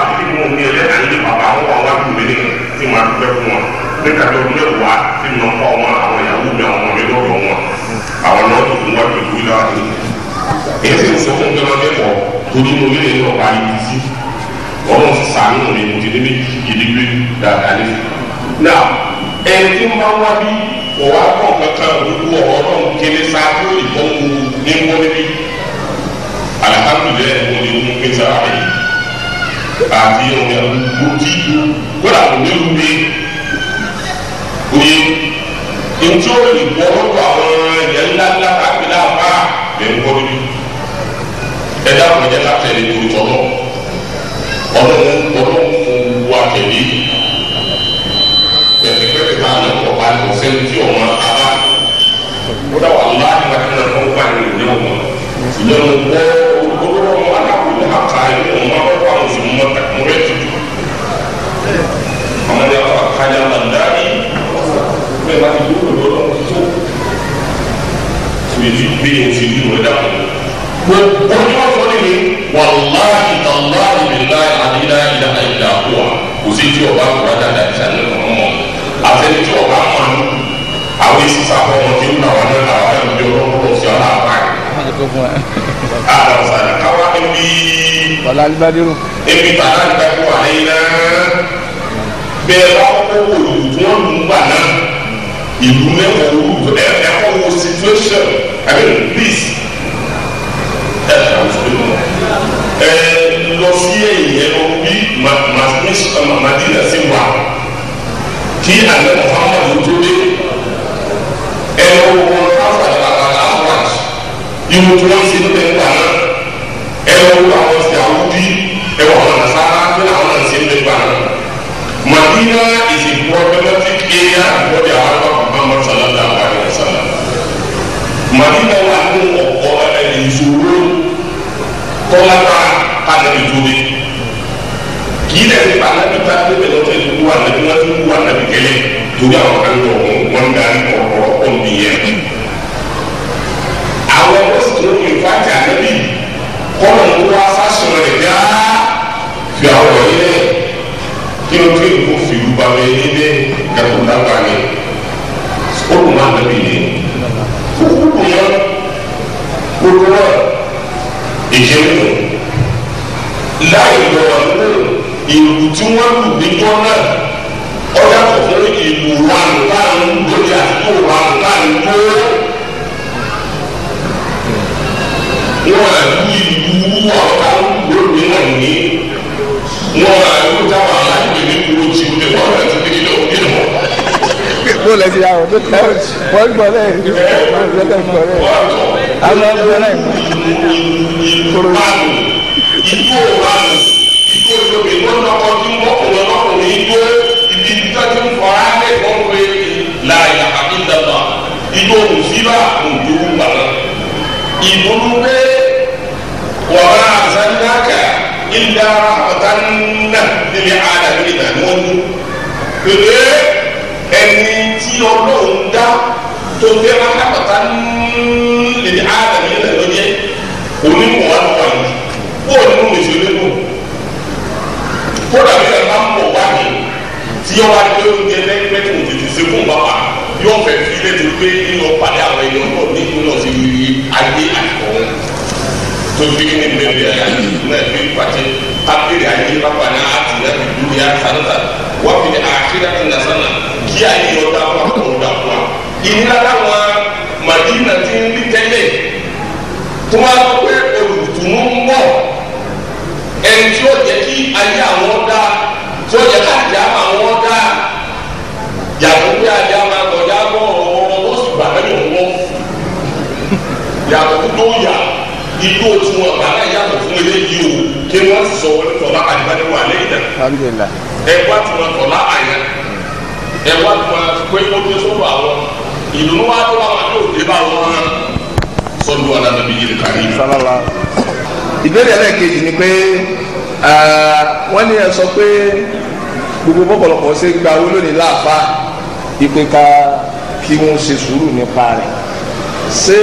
dúpẹ́ fún wọn ní kàtó ní wà tí nà kọ́ wọn àwọn ìyàwó mi àwọn mi lọ́dọ̀ wọn àwọn náà tó kún wá tó kú ilá rẹ. èyí sì ń sọ fún gbẹmọ lẹ́kọ̀ọ́ torí mo lé nínú ọ̀pá yìí sí ọ̀run sàánú mi mo ti ní méjì gidigbe dáadáa ní. náà ẹni tí ń bá wá bí ọ̀wá kọ̀ kankan olú ọ̀rọ̀ náà kéde sáájú ìbọn wo ní wọ́n níbi alihamudulilayi mo ní mú pé sáà rẹ̀ yìí àti ohun ẹ̀rọ tí kódà kò ní ìlú mi oye ntí o lè bọ́ lọ́wọ́ àwọn ẹ̀yẹ ńlá ńlá káàkiri náà bá lẹ́nu kọ́ lójú ẹ dáhùn ẹ̀jẹ̀ látẹ̀lé torí tọ́lọ́ ọlọ́run ọlọ́run wo àtẹ̀lé pẹ̀tẹ̀pẹ̀tẹ̀ máa ń lọ́kọ̀ bá lọ sẹ́nu tí ọmọ abá kódà wà láàyè wà kí wọ́n bá lè lé wọn ìyẹn ń bọ́. bí mo ṣe wí wọ́n dáhùn gbogbo ní wọ́n sọ nínú wàláhi aláhi bìláhi àdínà ìlà ìlà àkúwà kò sí tí ọba kura dáadáa ti sàn lọ́wọ́ ọmọ àtẹni tí ọba mọ̀ ní àwọn èsì sàkọ́ wọn tí ó nà wọn náà àwọn ẹ̀rọ bí ọlọ́run lọ sí ọ̀nà àbá àdàwọ̀ káwá níbi wàlá alibadiru ebi tààrà nígbàgbọ́ àlẹ́ iná bẹ́ẹ̀ bá kọ́kọ́ wò lù tí gbà náà ìlú mẹ́wàá olùkọ́ ẹ̀ I mean please ẹ ẹ lọ sí ẹ̀yìn ẹ lọ bí màdínà sí wa kí àlẹ́ Muhammadu tó dé ẹ lọ wọ káfà ìlànà àwọn àti ìwòtúwọ́sí ló bẹ̀ ń pa náà. kọ́lágbára k'anabi tóbi kì í lè fi anabi ta pé bẹ̀rẹ̀ tó ti wú anabi wọn ti wú anabi kẹlẹ̀ torí àwọn kan tó wọn wọn ń darí kọ̀ọ̀kọ̀rọ̀ kọ́ mi yẹn. àwọn ẹgbẹ́ sì tó yẹ fún àti anabi kọ́nà ń wá sásùn rẹ̀ dá fi àwọn ọ̀rọ̀ yẹn kí ló tó yẹ kó fi rúbà bẹ́ẹ̀ ní bẹ́ẹ̀ kẹ́kọ̀ọ́ dábàá. ìlú tí wọ́n lù níjọ́ náà ọjà kò fún ìlú ránùránù lórí àdúgbò ránùránù tó wọ́n àlù ìlú ọ̀tá lónìí náà ní wọ́n àlù táwọn aláìní ní kúrò jù ní wọ́n àti bíi lọ nínú wọn. bó lè ṣe àwọn tó kọ́ wọ́n gbọ́ lẹ́yìn wọ́n gbọ́ lẹ́yìn gbọ́ lẹ́yìn àwọn gbọ́ lẹ́yìn. ìlú ránù ìlú ránù òyìnbó lọkọ tí wọn kò lọ lọkùnrin gbé ibi tó ti ń fọra ẹ wọn pé láàyè àbí dàgbà ìjọ òsínbà òjòwú gbàgbà ìbúrú pé wàrà àzánáka ìdá àbàtánà nílé àdàbí ìdánwọ́nú pèlè ẹni tí ọlọ́run dá tó fẹ́ àbàtánà nílé àdàbí ìdánwọ́nú onímọ̀ wà lọ́wọ́ yìí kódà bí ẹ bá ń bọ̀ wá ní tí yọ wá pé oúnjẹ lẹ́gbẹ̀ẹ́ tó tètè ṣe fún bàbá yóò fẹ́ fi ilé tó gbé nínú ọ̀pàdé àwọn èèyàn náà nínú náà ti rí ayé àtọ̀hún tó fi ní bẹ̀rẹ̀ náà fi pàṣẹ tábìlì ayé bàbá náà àti náà fi dúró yá sáńtà wọ́n fi ní àkíyà ti nàṣánà kí ayé ọ̀dà wà kọ̀ ọ̀dà wà ìnira táwọn màdínà ti ń rí tẹ́lẹ̀ tó máa ń pẹ́ olùtùnú ń bọ̀ ẹni tí ó jẹ́ k ayé àwọn dá tí ó yẹ káàkiri àmà wọn dá yàtọ̀ bí adé àmà àgbọ̀dá bọ̀ ọ̀rọ̀ ó sì gbà mẹ́rin òwò yàtọ̀ tó yà igbó tí wọn bá náà yàtọ̀ fún eléyìí o kí wọ́n sì sọ wọlé tọ́lá àdìbàdì wà lẹ́yìn náà ẹ wá tí wọn tọ́lá àyà ẹ wá tí wọn pé ó dé sọ́dọ̀ àwọn ìdùnnú wa tó wà ní òde bá wọn sọ́dọ̀ àdàbí ìbéèrè ẹlẹ́ẹ̀kejì ni pé wọ́n ní ẹ sọ pé gbogbo bọ́pọ̀lọpọ̀ ṣe gba owó lónìí láàbá ìpè ká kí wọ́n ṣe sùúrù nípa rẹ̀ ṣé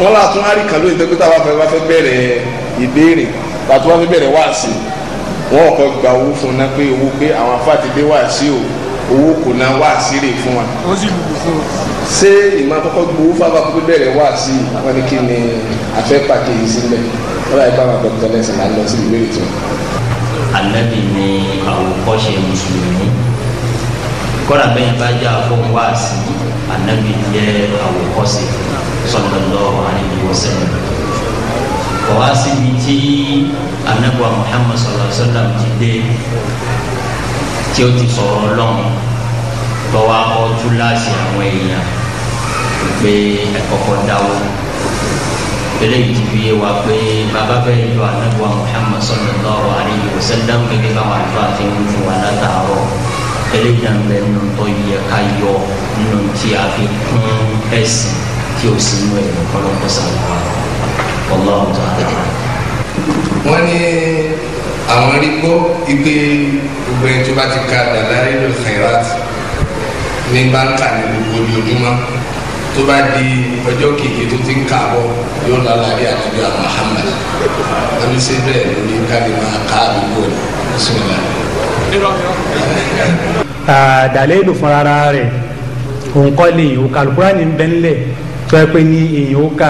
wọ́n là tún àríkà lóyún tó pété àwọn afẹ́ fẹ́ bẹ̀rẹ̀ ìbéèrè pàtó wọn fẹ́ bẹ̀rẹ̀ wáàsí wọn kò gba owó fún náà pé owó pé àwọn afáàtìdé wáàsí o owó kò náà wáàsí rè fún wa. ó sì lùlù fún un. ṣé ìmọ̀ àkọ́kọ́ gbowó fáwọn afẹ́ bẹ̀rẹ̀ wáàsí wọn ni kí ni afẹ́ pàkíyèsí bẹ́ẹ̀ wọ́n láyé báwọn dọ́kítọ̀ lẹ́sìn máa ń lọ sí ìwé ìtọ́. anabi ni àwòkọ́ṣe mùsùlùmí kọ́ra bẹ́yìn bá jẹ́ àfọ̀hún wá sí anabi jẹ́ àwòkọ́ṣe sallallahu alaihi wasallam kọ́wá síbi tí anabi wa Muhammad sallallahu alaihi wasallam ti dé tí ó ti sọ̀rọ̀ lọ́hùn tọ́wọ́ akọ́ túláàsì àwọn èèyàn pé ẹ̀kọ́kọ́ dáwọ́ eléyìí ti fi yé wa pé bàbá bẹ́ẹ̀ yọ anábọ̀ Muhammad sallallahu wa sallam gẹ́gẹ́ bá wà lọ́wọ́ àti ń fún wa látàárọ̀ eléyìí náà bẹ́ẹ̀ nù tọ́ yẹ ká yọ nù tí a fi kún ẹ̀sìn tí o sì nù ẹ̀rọ kọ́lọ́kọ́ sàlùwà Wallahu ta'ala. wọ́n ní àwọn rí gbọ́ ipe gbogbo ẹni tó bá ti ka dàda rẹ̀ lọ́sẹ̀ rà ní báńkà ní gbogbo ojoojúmọ́ tó bá di ọjọ́ kejì tó ti ń káàbọ̀ yóò lọ lábẹ́ àtúndì Muhammad àmì ṣe bẹ́ẹ̀ lórí káàdì máa ká àdúgbò ní bisimilá. dalilu fúnra rẹ̀ òǹkọ́ lè yìí ó ka alukurani ń bẹ ńlẹ̀ tó yẹ pé ní èyí ó kà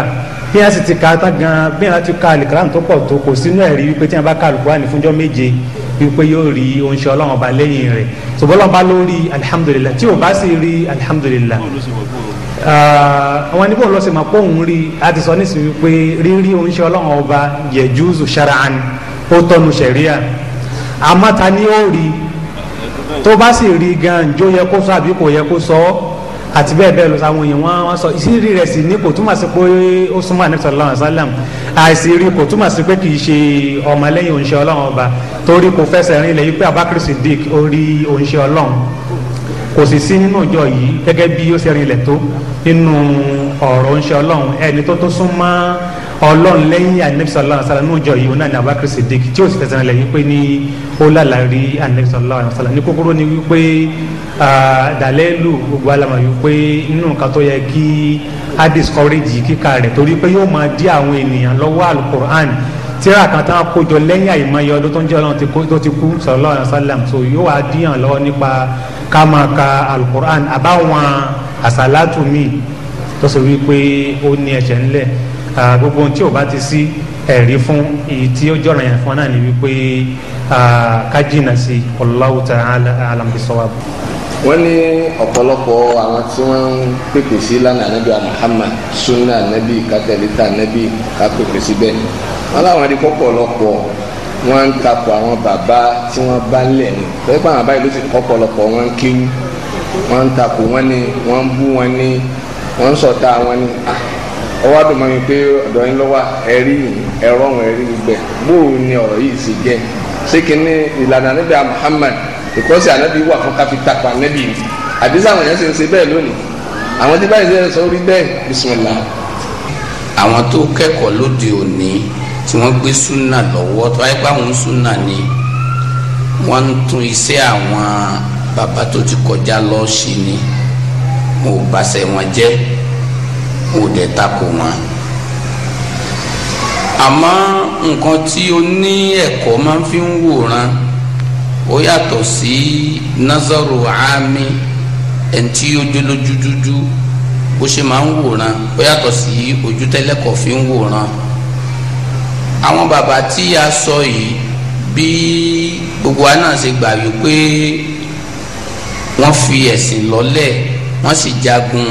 bí a sì ti ka tán gan bí wọ́n ti ka alukurani tó pọ̀ tó kò sínú ẹ̀rí wípé tí wọ́n bá ka alukurani fúnjọ́ méje wípé yóò rí oúnjẹ ọlọ́run ọba lẹ́yìn rẹ̀ ṣùgbọ́n ọlọ́run bá lórí alihamudulilayi tí o bá sì rí alihamudulilayi. Ah, àwọn ẹni bó lọ sí ma rí a ti sọ nísìnyí pé rírí oúnjẹ ọlọ́run ọba yẹjúzù ṣaraan ó tọ́nu ṣẹ̀ríà àmọ́ ni ó rí tó bá sì rí gan jó yẹ kó sọ àbí kò yẹ kó sọ ọ́ àti bẹ́ẹ̀ bẹ́ẹ̀ lọ sáwọn èèyàn wọn wọn sọ ìsírí rẹ̀ sì ní kò túmọ̀ sí pé ó súnmọ́ àníbi sọ̀rọ̀ lọ́wọ́ sálàm kò túmọ̀ sí pé kì ṣe ọmọlẹ́yìn òǹṣẹ́ ọlọ́run ọba torí kò fẹsẹ̀ rìn lẹ́yìn pé Abubakar Siddiq ó rí òǹṣẹ́ ọlọ́run kò sì sí nínú ìjọ yìí gẹ́gẹ́ bí ó ṣe rinlẹ̀ tó nínú ọ̀rọ̀ ńṣe ọlọ́run ẹni tó tó sún mọ́ ọlọ́run lẹ́yìn anabi sallallahu alaihi wasallam nínú ìjọ yìí ó náà ní Abubakar Siddiq tí ó sì fẹsẹ̀ rìnlẹ̀ wípé ní ó lálàrí anabi sallallahu alaihi ní kúkúrú ni wípé dàlẹ́lù gbogbo alama wípé nínú nǹkan tó yẹ kí a discourage kíkà rẹ̀ torí pé yóò máa dí àwọn ènìyàn lọ́wọ́ alukur'an tíra kan tá a kójọ lẹ́yìn àìmọye ọdún tó ń jẹ́ ọlọ́run tó ti kú sallallahu alaihi wasallam so yóò wá díyàn lọ́wọ́ nípa ká máa ka alukur'an àbáwọn àsálàtù míì tó sì wí pé ó ní ẹ̀ṣẹ̀ ńlẹ̀ gbogbo ohun tí ò bá ti sí ẹ̀rí fún èyí tí ó jọ̀ràn yẹn fún náà ni wípé ká jìnnà sí Allahu ta'ala a'lam bis-sawab wọ́n ní ọ̀pọ̀lọpọ̀ àwọn tí wọ́n ń pèpè sí lánàá ànábì Muhammad sunna ànábì kátẹ́lítà ànábì ká pèpè síbẹ̀ wọ́n láwọn adé pọ̀pọ̀lọpọ̀ wọ́n ń takò àwọn bàbá tí wọ́n bá lẹ̀ ní pẹ́ẹ́pà àwọn báyìí ló ti pọ̀pọ̀lọpọ̀ wọ́n ń kéwú wọ́n ń takò wọ́n ní wọ́n ń bú wọn ní wọ́n ń sọ̀tà wọn ní ọwọ́ àdùnmọ́ mi pé ọ̀dọ̀ yín lọ́wọ́ ẹ̀rí ẹ̀rọ ọ̀hún ẹ̀rí gbígbẹ bóò ni ọ̀rọ̀ yìí sì jẹ́ ṣé kìíní ìlànà ànábì Muhammad ìkọ́sí ànábì wà fún káfíńtà pa ànábì ni àdìsá àwọn èèyàn ṣe ń ṣe bẹ́ẹ̀ lónìí àwọn tí báyìí ṣe sọ orí bẹ́ẹ̀ bisimilá. àwọn tó kẹ́kọ̀ọ́ lóde òní tí wọ́n gbé súnà lọ́wọ́ tó wáyé pé àwọn súnà ni wọ́n ń tún iṣẹ́ àwọn bàbá tó ti kọjá lọ sí ni mo gbàṣẹ wọn jẹ́ mo dẹ̀ takò wọn. àmọ́ nǹkan tí o ní ẹ̀kọ́ máa ń fi ń wòran. ó yàtọ̀ sí nazaru ami ẹ̀ǹtí ojúlójúdúdú bó ṣe máa ń wòran ó yàtọ̀ sí ojú fi ń wòran àwọn bàbá tí a gbogbo wa náà ṣe gbà fi ẹ̀sìn lọ́lẹ̀ wọ́n sì jagun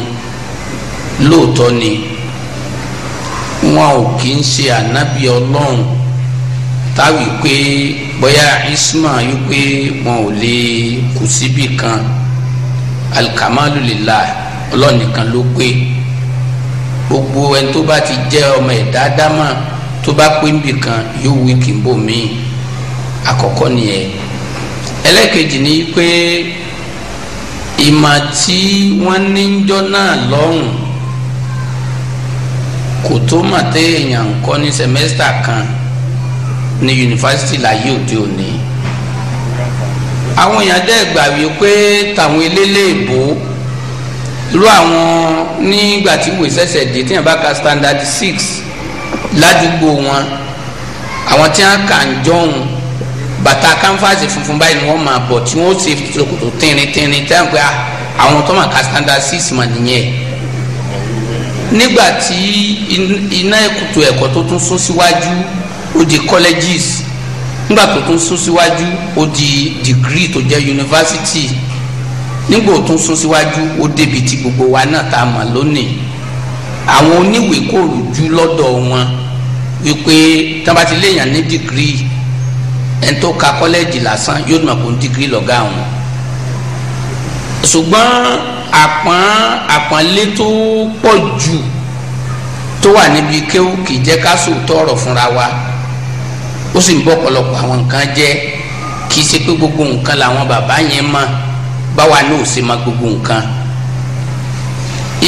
lóòótọ́ ni wọn ò táwì pé bóyá isma yìí pé wọn ò lè kù síbì kan alikamalu lillah ọlọ́nìkan ló pé gbogbo ẹni tó bá ti jẹ́ ọmọ ẹ̀dá dámà tó bá pé níbì kan yóò wí kì í bò míì àkọ́kọ́ nìyẹn ẹlẹ́kejì ni pé ìmọ̀ tí wọ́n ní ń jọ́ náà lọ́rùn kò tó mà téèyàn ń kọ́ ní sẹ́mẹ́sítà kan Ni yunifásitì láyé òde òní àwọn èèyàn dẹ́ gbà wípé tàwọn eléléèbó irú àwọn nígbà tí wò sẹ̀sẹ̀ dé tí wọ́n bá ka standard six ládùúgbò wọn àwọn tí wọ́n kà ń jọ̀hún bàtà kánfàsì funfun báyìí ni wọ́n máa bọ̀ tí wọ́n ṣe ṣòkòtò tínrín tínrín tí wọ́n pè ah, àwọn tó máa ka standard six mà nìyẹn nígbà tí iná ètò ẹ̀kọ́ tó tún sún síwájú ó di colleges nígbà tó tún sún síwájú ó di degree tó jẹ́ university nígbà tó tún sún síwájú ó débi tí gbogbo wa náà tá a mọ̀ lónìí àwọn oníwèé kò rújú lọ́dọ̀ wọn wípé tábàtí léèyàn ní degree ẹni tó ka kọ́lẹ́ẹ̀jì lásán yóò mọ̀ kó ní degree lọ́gá àwọn ṣùgbọ́n àpọ́n àpọ́nlé tó pọ̀ jù tó wà níbi kéwù kì í jẹ́ ká sòótọ́ ọ̀rọ̀ fúnra wa ó sì ń bọ́ ọ̀pọ̀lọpọ̀ àwọn nǹkan jẹ́ kì í ṣe pé gbogbo nǹkan làwọn bàbá yẹn mọ̀ báwa ní ò ṣe mọ̀ gbogbo nǹkan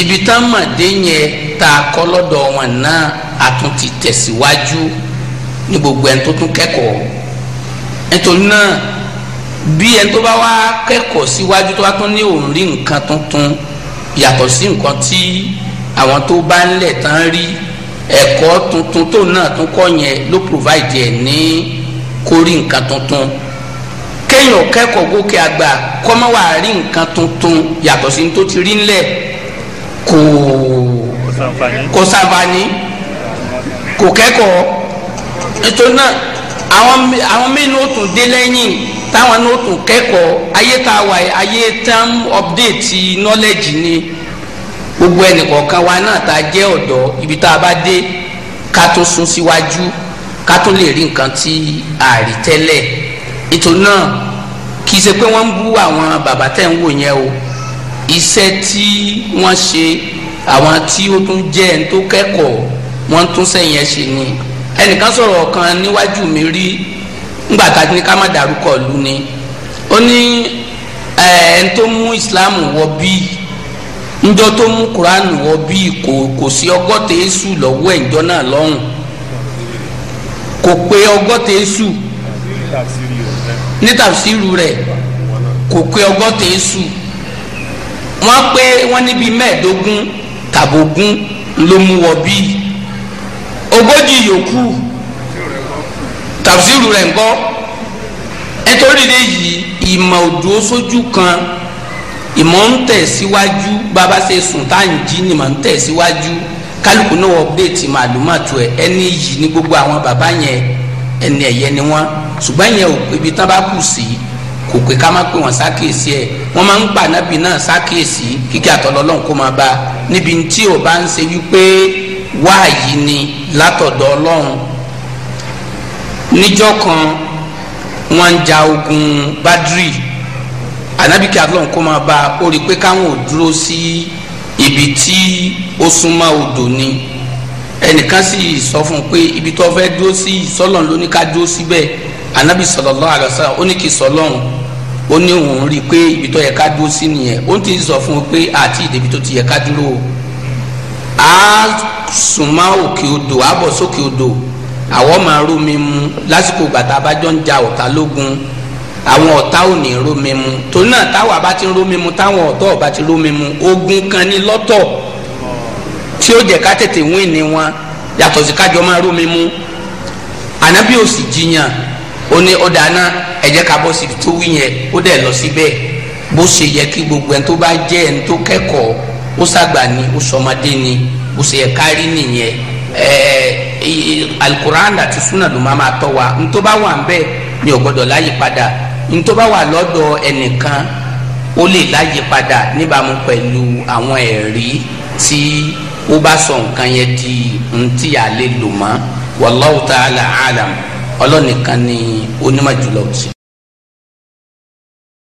ibi tá a mọ̀ dé yẹn tá a kọ́ lọ́dọ̀ wọn náà a tún ti tẹ̀síwájú ní gbogbo ẹni tó tún kẹ́kọ̀ọ́ nítorí náà bí ẹni tó bá wá kẹ́kọ̀ọ́ síwájú tó bá tún ní òun rí nǹkan tuntun yàtọ̀ sí nǹkan tí àwọn tó bá ń lẹ̀ tán rí ẹ̀kọ́ tuntun tó náà tún kọ́ yẹn ló provide ẹ̀ ní kórìí nǹkan tuntun kéèyàn kẹ́kọ̀ọ́ gòkè àgbà kọ́mọ́ wà rí nǹkan tuntun yàtọ̀ sí tó ti rí ńlẹ̀ kò kò sàǹfààní kò kẹ́kọ̀ọ́ nítorí náà àwọn àwọn mélòó ó tún dé lẹ́yìn táwọn náà ó tún kẹ́kọ̀ọ́ ayé tá a wà ayé tán update knowledge ni gbogbo ẹnìkọ̀ọ̀kan wa náà tá a jẹ́ ọ̀dọ́ ibi tá a bá dé ká tó sún síwájú ká tó lè rí nǹkan tí a rí tẹ́lẹ̀ ètò náà kì í ṣe pé wọ́n ń bú àwọn bàbá tẹ̀ ń wò yẹn o iṣẹ́ tí wọ́n ṣe àwọn tí ó tún jẹ́ ẹni tó kẹ́kọ̀ọ́ wọ́n tún sẹ́yìn ẹ̀ ṣe ni ẹnìkan sọ̀rọ̀ kan níwájú mi rí ńgbà tá a ní ká má dárúkọ lù ni ó ní ẹni tó mú Islam wọ bíi njọ tó mú kuranu wọ bíi kò sí ọgọ́ta esu lọ́wọ́ njọ náà lọ́hùn kò pé ọgọ́ta esu ní tafsiru rẹ̀ kò pé ọgọ́ta esu wọ́n pé wọ́n níbi mẹ́ẹ̀ẹ́dógún tàbógún ló mú wọ bíi ogójì yòókù rẹ̀ ńkọ́ ìmọ̀ kan. ìmọ̀ ń tẹ̀síwájú bàbá ṣe sùn tá à ń jí ni mà ń tẹ̀síwájú kálukú náà update màlúmàtú ẹ ẹni yìí ní gbogbo àwọn bàbá yẹn ẹni ẹ̀yẹ ni wọ́n ṣùgbọ́n yẹn ò ibi tán bá kù sí kò pé ká má pé wọ́n ṣàkíyèsí ẹ̀ wọ́n máa ń gbà nábì náà ṣàkíyèsí kíkẹ́ àtọ́lọ́lọ́n kó máa bá níbi tí ò bá ń ṣe wípé wáàyí ni látọ̀dọ̀ ọlọ́run níjọ́ kan wọ́n ń ja ogun Badri anabi kí adúlọ̀ kó máa bá ó rí i pé káwọn ò dúró sí ibi tí ó súnmọ́ odò ni ẹnìkan sì sọ fún un pé ibi tó fẹ́ dúró sí sọlọ́n ló ní ká dúró síbẹ̀ anabi sallallahu alaihi wasallam ó ní kí sọlọ́n ó ní òun rí i pé ibi tó yẹ ká dúró sí nìyẹn ó ti sọ fún un pé àti ìdèbí tó ti yẹ ká dúró o súnmọ́ òkè odò á sókè odò àwọn máa rómi mu lásìkò gbàtà abájọ́ ń ja ọ̀tá lógun àwọn ọ̀tá ò ní ró mímu torí náà táwa bá ti ró mímu táwọn ọ̀tọ́ ọ̀bá ti ró mímu ogun kan ní lọ́tọ̀ tí ó jẹ́ ká tètè wín ní wọn yàtọ̀ sí kájọ máa ró mímu ànábì ò sì jiyàn ó ní ó lọ síbẹ̀ bó ṣe yẹ kí gbogbo ẹni tó bá jẹ́ ẹni tó kẹ́kọ̀ọ́ ó ó ṣe yẹ kárí nìyẹn ni láyé ntọ́ba wà lọ́dọ̀ ẹnìkan ó lè láyè padà níbàámu pẹ̀lú àwọn ẹ̀rí tí ó bá sọ nǹkan yẹn di ntí àlè lò mọ́ wallahu ta'ala alam ọlọ́nìkan ni onímọ̀ jùlọ sí.